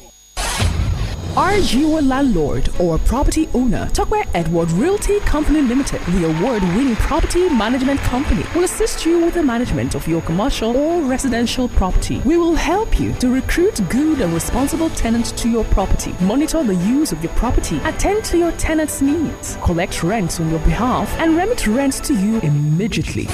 Are you a landlord or property owner? Tuckware Edward Realty Company Limited, the award winning property management company, will assist you with the management of your commercial or residential property. We will help you to recruit good and responsible tenants to your property, monitor the use of your property, attend to your tenants' needs, collect rents on your behalf, and remit rents to you immediately.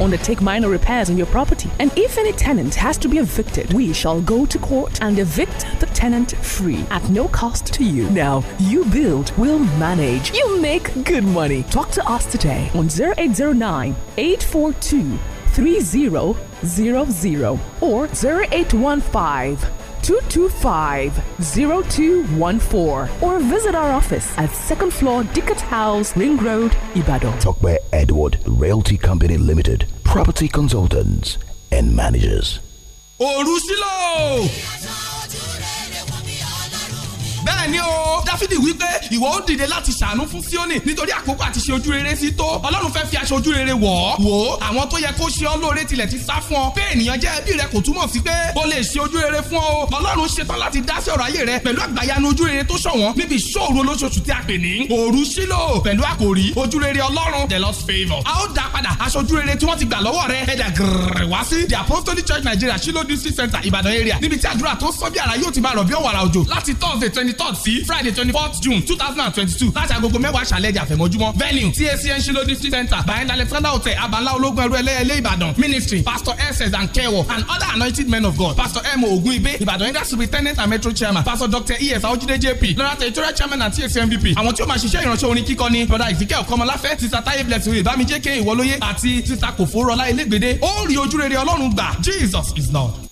Undertake minor repairs on your property, and if any tenant has to be evicted, we shall go to court and evict the tenant free at no cost cost to you. Now, you build, we'll manage, you make good money. Talk to us today on 0809 842 3000 or 0815 225-0214 or visit our office at second floor Dickett House, Ring Road, Ibadan. by Edward Realty Company Limited, property consultants and managers. Orusilo! bẹ́ẹ̀ ni o dáfídì wípé ìwọ ó dìde láti ṣàánú fún síónì nítorí àkókò àti ṣe ojú rere sí tó ọlọ́run fẹ́ fi aṣọ ojú rere wọ̀ ọ́ wò ó àwọn tó yẹ kó ṣe ọ́ lóore tilẹ̀ ti sá fún ọ pé ènìyàn jẹ́ ẹbí rẹ kò túmọ̀ sí pé o lè ṣe ojú rere fún ọ ọlọ́run ṣetán láti dá sí ọ̀rọ̀ ayé rẹ pẹ̀lú àgbàyanu ojú rere tó ṣọ̀wọ́n níbi ìṣòro olóṣooṣù tí a pè ní òru sílò pẹ̀lú àkòrí ojú rere ọlọ́run the lord's favour a ó dá padà aṣọ ojú rere tí wọ́n ti gbà lọ́wọ́ rẹ ẹ̀dà gírrrr wá sí the apostolic church nigeria shilo district center ìbàdàn area níbi tí àdúrà tó sọ bí ara yóò ti máa rọ̀ bí ọ̀wàrà òjò láti thursday twenty twenty third sí friday twenty fourth june two thousand and twenty two láti agogo mẹ́wàá ṣàlẹ̀ jà fẹ̀mọ́júmọ́ venue tac Shilo district center behind alexander hotel abanla ológun ẹrú ẹlẹ́yẹlé ìbàdàn ministry pastor ss and kẹwọ and other anointing men of god pastor m ogun ibe ìbàdàn area superintendent and metro chairman pastor dr es awojide jp lọ́nà territorial chairman and tac mvp àwọn tí ó máa ṣiṣẹ́ ìránṣẹ́ orin kíkọ ni brother ezekiel kọmọláfẹ́ sister taye blessing ìbámijẹ́kẹ́ e ìwọlóye àti sister kòfó rọlá elégbèdé ó rí ojúrere ọlọ́run gbà jesus is lord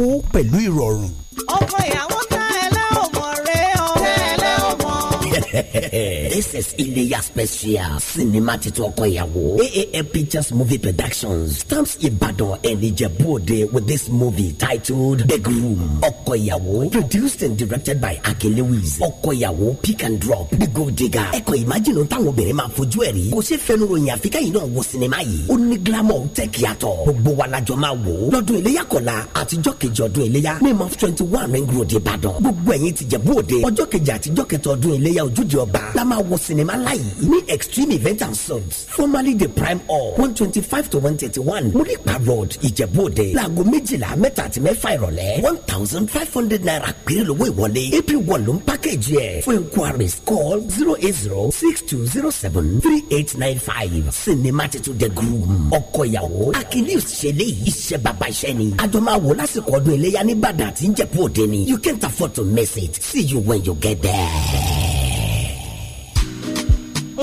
náwó pẹ̀lú ìrọ̀rùn. ọkọ ìyàwó tá ẹ lẹ́ òkú. this is Iléyá special sinima titun ọkọ ìyàwó AAM Pictures movie productions stamps Ibadan and Ijebu-Ode with this movie titled The Groom ọkọ ìyàwó produced and directed by Ake Lewis ọkọ ìyàwó pick and drop The Gold Digger ẹ̀kọ́ imagine ohun táwọn obìnrin máa fojú ẹ̀ rí kò ṣe fẹnu ròyìn àfikà yìí náà wo sinima yìí ó ní glamour tẹ́kì àtọ̀ gbogbo wa lajọ máa wò ó lọ́dún Iléyá kọ̀la àtijọ́ kejì ọdún Iléyá mímọ́ twenty one ring road Ìbàdàn gbogbo ẹ̀yin tìjẹ̀bú-Òde ọjọ́ kejì àtijọ́ kẹtọ̀ ọdún Iléyá ojú stage ọba la máa wo sinimá láyìí ní extreme event and sons formerly the prime hall one twenty five to one thirty one muripa road ìjẹ̀bú-òde láago méjìlá mẹ́ta àti mẹ́fà ìrọ̀lẹ́ one thousand five hundred naira péré lówó ìwọlé april one ló ń pákéjì ẹ̀ fún inquiries call zero eight zero six two zero seven three eight nine five sinimá titun the groom ọkọ ìyàwó akilius ṣẹlẹ̀ iṣẹ́ bàbá iṣẹ́ ni àjọmáwò lásìkò ọdún iléyà ní Ìbàdàn àti ìjẹ̀bú-òde ni you can't afford to miss it see you when you get there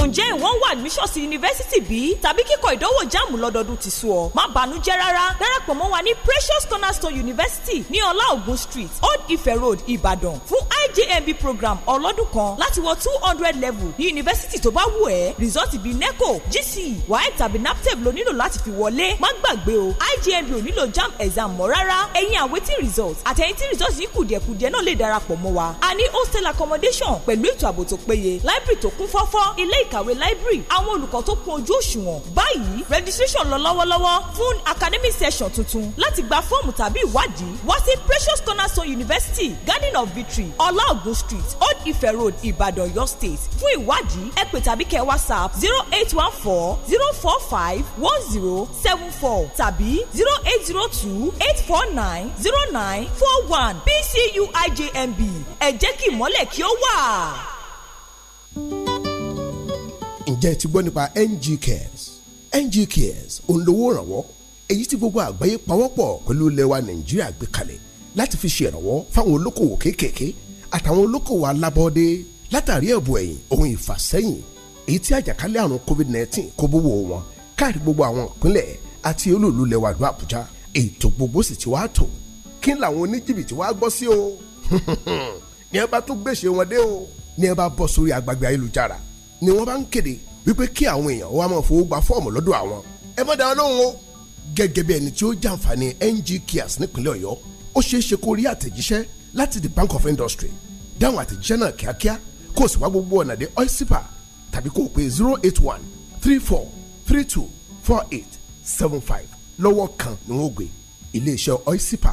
ǹjẹ́ ìwọ ń wá admission sí yunifásítì bí? tàbí kíkọ ìdánwò jáàmù lọ́dọọdún ti sú ọ? má bànújẹ́ rárá darapọ̀ mọ́ wa ní precious cornerstone university ní ọlá ògùn street old ife road ìbàdàn fún ijmb program ọlọ́dún kan láti wọ two hundred level ní yunifásítì tó bá wù ẹ́ result bíi neco gce waec tàbí naptep ló nílò láti fi wọlé má gbàgbé o ijmb ò nílò jam exam mọ́ rárá ẹ̀yin àwetí result àtẹ̀yìn tí result yìí kùdìẹ̀kudiẹ náà lè darapọ̀ mọ́ wa a ní hostel accommodation pẹ̀lú ètò ààbò tó péye library tó kún fọ́fọ́ ilé ìkàwé library àwọn olùkọ́ tó kún ojú òṣùwọ̀n báyìí registration lọ lọ́wọ́lọ́wọ́ fún academic session tuntun láti gba fọ́ọ̀mù tàbí ìwádìí wá sí precious cornerstone university garden of victory ọláògùn street old ife road Ibadan, ọ̀yọ́ state fún ìwádìí ẹ pè tàbí kẹ whatsapp zero eight one four zero four five one zero seven four tàbí zero eight zero two eight four nine zero nine four one pcuijmb ẹ jẹ́ kí ìmọ́lẹ̀ kí ó wà ǹjẹ́ ti gbọ́ nípa NG Cares NG Cares òǹlówó ìrànwọ́ èyí tí gbogbo àgbáyé pawọ́pọ̀ pẹ̀lú lẹ́wà Nàìjíríà gbé kalẹ̀ láti fi ṣe ìrànwọ́ fáwọn olókòwò kéékèèké àtàwọn olókòwò alábọ́ọ́dé látàrí ẹ̀bù ẹ̀yìn ohun ìfàsẹ́yìn èyí tí àjàkálẹ̀ àrùn COVID-19 kó bówó wọn káàrí gbogbo àwọn ìpínlẹ̀ àti olúùlú lẹ́wà ìlú Àbújá ètò gbogbo sì ti wá tò kí làwọn oníjìbìtì wá gbọ́ sí o ní ẹ bá tún gbèsè wọn dé o ní ẹ bá bọ́ sórí agbègbè ayélujára ni wọ́n bá ń kéde wípé kí àwọn èèyàn wá máa fowó gba fọ́ọ̀mù lọ́dọ̀ àwọn ẹ má dáa lóhùn o gẹ́gẹ́ bí ẹni tí ó jàǹfààní NG nípínlẹ̀ Ọ̀yọ́ ó ṣeé ṣe kó rí àtẹ̀jíṣẹ́ láti the Bank of Industry dáhùn àtẹ̀jíṣẹ́ náà kíákíá kó o sì wá gbogbo ọ̀nà dé oysipa tàbí kó o pè zero eight one three four three two four eight seven five lọ́wọ́ kan ni wọ́n gbé iléeṣẹ́ oysipa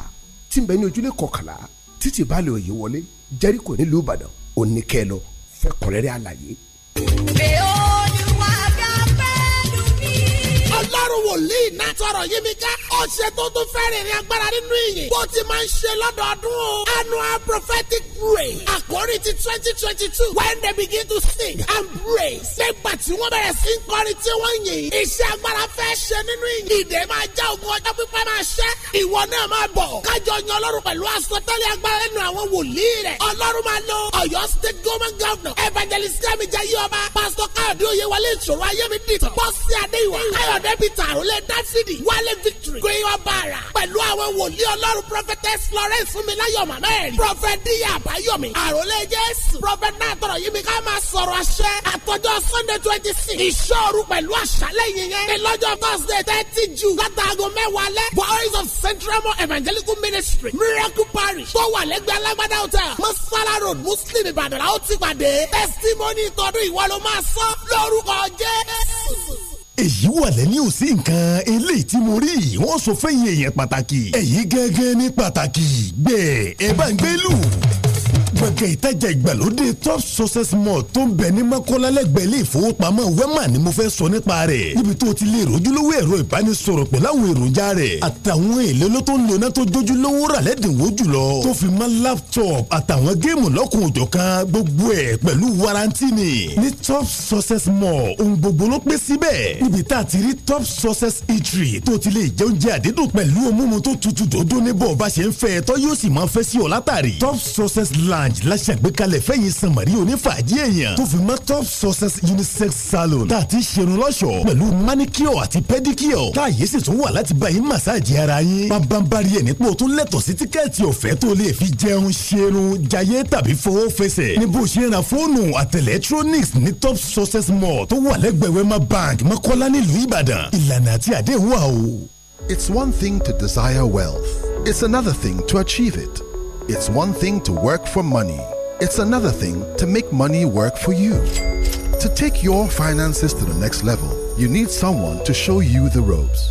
tí ń bẹ ní ojúlé kọkànlá títí balẹ̀ òye wọlé jẹ́ríkò nílùú Ìbàdàn òní kẹ́ lọ fẹ́kùnrẹ́rẹ́ àlàyé Baby. tọrọ yìí mi ká. ọ̀sẹ̀ tó tún fẹ́ rìnrìn agbára nínú ìyìn. bó ti máa ń ṣe lọ́dọọdún o. annual prophetic pray. àkórí ti twenty twenty two. when they begin to sing and praise. nígbà tí wọ́n bẹ̀rẹ̀ sí ń kọrin tí wọ́n yìn. iṣẹ́ agbára fẹ́ ṣe nínú ìyìn. ìdè máa já ogun ọjọ́ pípẹ́ máa ṣẹ́. ìwọ náà máa bọ̀. kájọ yan ọlọ́run pẹ̀lú àsọtẹ́lẹ̀ agbára nínú àwọn wòlíì judy wálé victory gbéyọ̀ bàrà pẹ̀lú àwọn wòlíì ọlọ́run prophetess florence fúnmiláyọ̀ mamẹ́rì prophet díyà àbáyọ̀mí àròlé jésù prophet náà yìí mi ká máa sọ̀rọ̀ àṣẹ àtọ́jọ́ sunday twenty six ìṣòro pẹ̀lú àṣálẹ̀ yìí yẹn ìlọ́jọ́ thursday thirty june látàgọ́ mẹ́wàá lẹ́ boys of central mo evangelical ministry miracle parish tó wà lẹ́gbẹ̀ẹ́ alágbádá hotel masala road muslim ìbàdàn la ó ti pàdé testimony tọdún ìwọ ló máa sọ lórúkọ jésù èyí wà lẹ́ni ò sí nǹkan eléyìí tí mo rí wọ́n sọ fẹ́yìn èèyàn pàtàkì èyí gẹ́gẹ́ ní pàtàkì gbẹ̀ẹ́ ẹ bá ń gbé lù gbọ̀ngàn ìtajà ìgbàlódé top success mall tó ń bẹ ní mọ́kànlá lẹ́gbẹ̀ẹ́ ilé ìfowópamọ́ wema ni mo fẹ́ sọ nípa rẹ̀ níbi tó ti lè rojúlówó ẹ̀rọ ìbánisọ̀rọ̀ pẹ̀lú àwọn èròjà rẹ̀ àtàwọn èlé ló tó ń lona tó jójú lówó rà lẹ́dínwó jùlọ tó fi mọ́ laptop àtàwọn géèmù lọ́kùn òjọ̀ kan gbogbo ẹ̀ pẹ̀lú warranty ni ní top success mall ohun gbogbo ló pé síbẹ̀ níbi tá a ti rí top success eatery tó ti lè jẹ oúnjẹ àdídùn pẹ̀lú òmùmù tó tutù dòdó níbọ̀ bá ṣe ń fẹ́ tọ́ yóò sì máa top success line lounge la ṣàgbékalẹ̀ fẹ́yìn sanmari onífàájì èèyàn tó fi mọ́ top success unisex salon tá a ti ṣerun lọ́ṣọ̀ pẹ̀lú manicure àti pedicure tá a yẹ sì wà láti bá yín massage ara yín pabambari ẹni pé o tún lẹ́tọ̀ọ́ sí tíkẹ́ẹ̀tì ọ̀fẹ́ tó lè fi jẹun ṣerun jayé tàbí fowó fẹsẹ̀ ní bó ṣe ra fóònù àti electronics ní top success mall tó wà lẹ́gbẹ̀wẹ́ ma bank mọ́kọ́lá nílùú ìbàdàn ìlànà àti àdéhùn wà o. It's one thing to desire wealth. It's another thing to achieve it. It's one thing to work for money. It's another thing to make money work for you. To take your finances to the next level, you need someone to show you the ropes.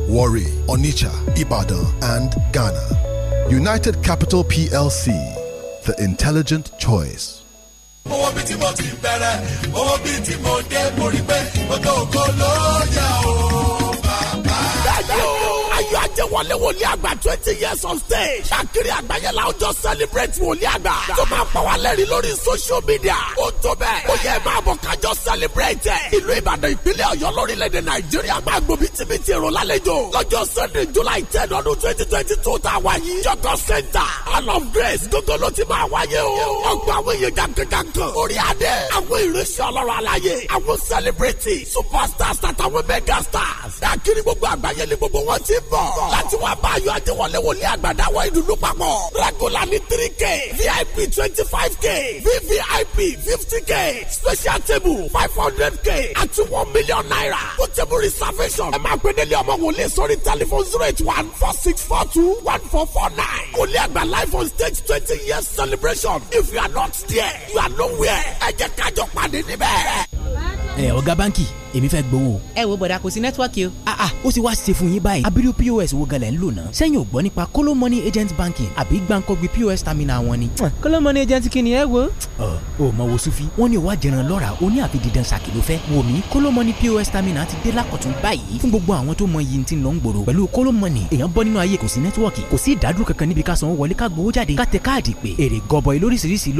Warri, Onitsha, Ibadan, and Ghana. United Capital PLC, the intelligent choice. owó bíi tí mo ti bẹ̀rẹ̀ owó bíi tí mo dé pé mo tó kó lóyà o bàbá. ayọ̀ jẹ́ wọlé wòlíì àgbà twenty years of stay. Ṣàkiri àgbáyé la ó jọ celebrate wòlíì àgbà. Tó máa pa wá lẹ́rìí lórí social media. Ó tó bẹ́ẹ̀. Ó yẹ máa bọ̀ kájọ celebrate. Ìlú Ìbàdàn ìpínlẹ̀ Ọ̀yọ́ lórílẹ̀‐èdè Nàìjíríà máa gbòbí tìbítì èrò lálejò. Lọ́jọ́ Sunday July ten ọdún twenty twenty two tá a wáyé. Jọ́kọ̀ Center Hall of Grace gbogbo ló ti máa wáyé o. Ọgbà àwọn èèyàn jàǹkàǹkàǹkàn. Orí adé. Àwọn ìrẹsì ọlọ́run alaye. Àwọn celebrity superstars àtàwọn megastars. Dàkírí gbogbo àgbáyé ni gbogbo wọn ti bọ̀ láti wá bá ayọ̀ àjẹwọlé wòlé àgbàdo àwọn ìdùnnú papọ̀ regular ní three k vip twenty five k vvip fifty k special table five hundred k àti one million naira tó table reservation ẹ máa gbẹdẹlẹ ọmọ wòlé sórí telephone zero eight one four six four two one four four nine wòlé àgbà life on stage twenty years celebration if you are not there you are nowhere ẹ jẹ́ kájọ pàdé níbẹ̀. ẹ ọ̀gá báńkì èmi fẹ́ gbowó. ẹ wo bọ̀dà kò sí nẹ́tíwọ́ọ̀kì o. a ah, a ah, ó ti wá ṣe fún yín báyìí abiru pos wo gẹlẹ́ ń lò náà sẹ́yìn ò gbọ́ nípa kóló mọ́ni agent banking àbí gbàǹkọ́gbì pos terminal wọn ni. Ah, kóló mọ́ni agent kí ni ẹ wo. ọ ò mọ wo sufi wọn ni wàá jẹran lọ́ra o ní àfi didan ṣàkì ló fẹ́ wò kóló mọ́ni pos terminal ti dé lákọ̀tún báyìí fún gbogbo àwọn tó mọ iye tí ń lọ ń gbòòrò pẹ̀lú kóló mọ́ni èèyàn bọ́ nínú ayé kò sí nẹ́tíwọ́ọ̀kì kò sí ìdádúró kankan níbi ká sanwó wọlé ká gbowó jáde ká tẹ káàdì pé èrè gọbọi lóríṣiríṣi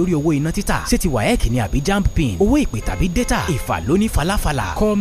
data ìfà falafala kọ́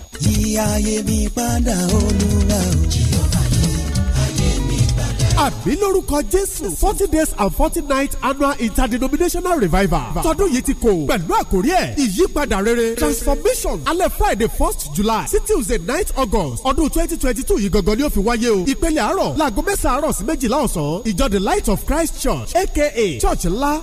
yí ayé mi padà olúwa o. jehova yí ayé mi padà. àbí lórúkọ jésù forty days and forty nights annual interdenominational revival tọdún yìí ti kò pẹ̀lú àkórí ẹ̀ ìyípadà rere transformation alẹ́ friday first july sí tuesday ninth august ọdún twenty twenty two yìí gangan ni ó fi wáyé o ìpele àárọ̀ láago mẹ́sàn-án àárọ̀ sí méjìlá ọ̀sán ìjọ the light of christ church aka church ńlá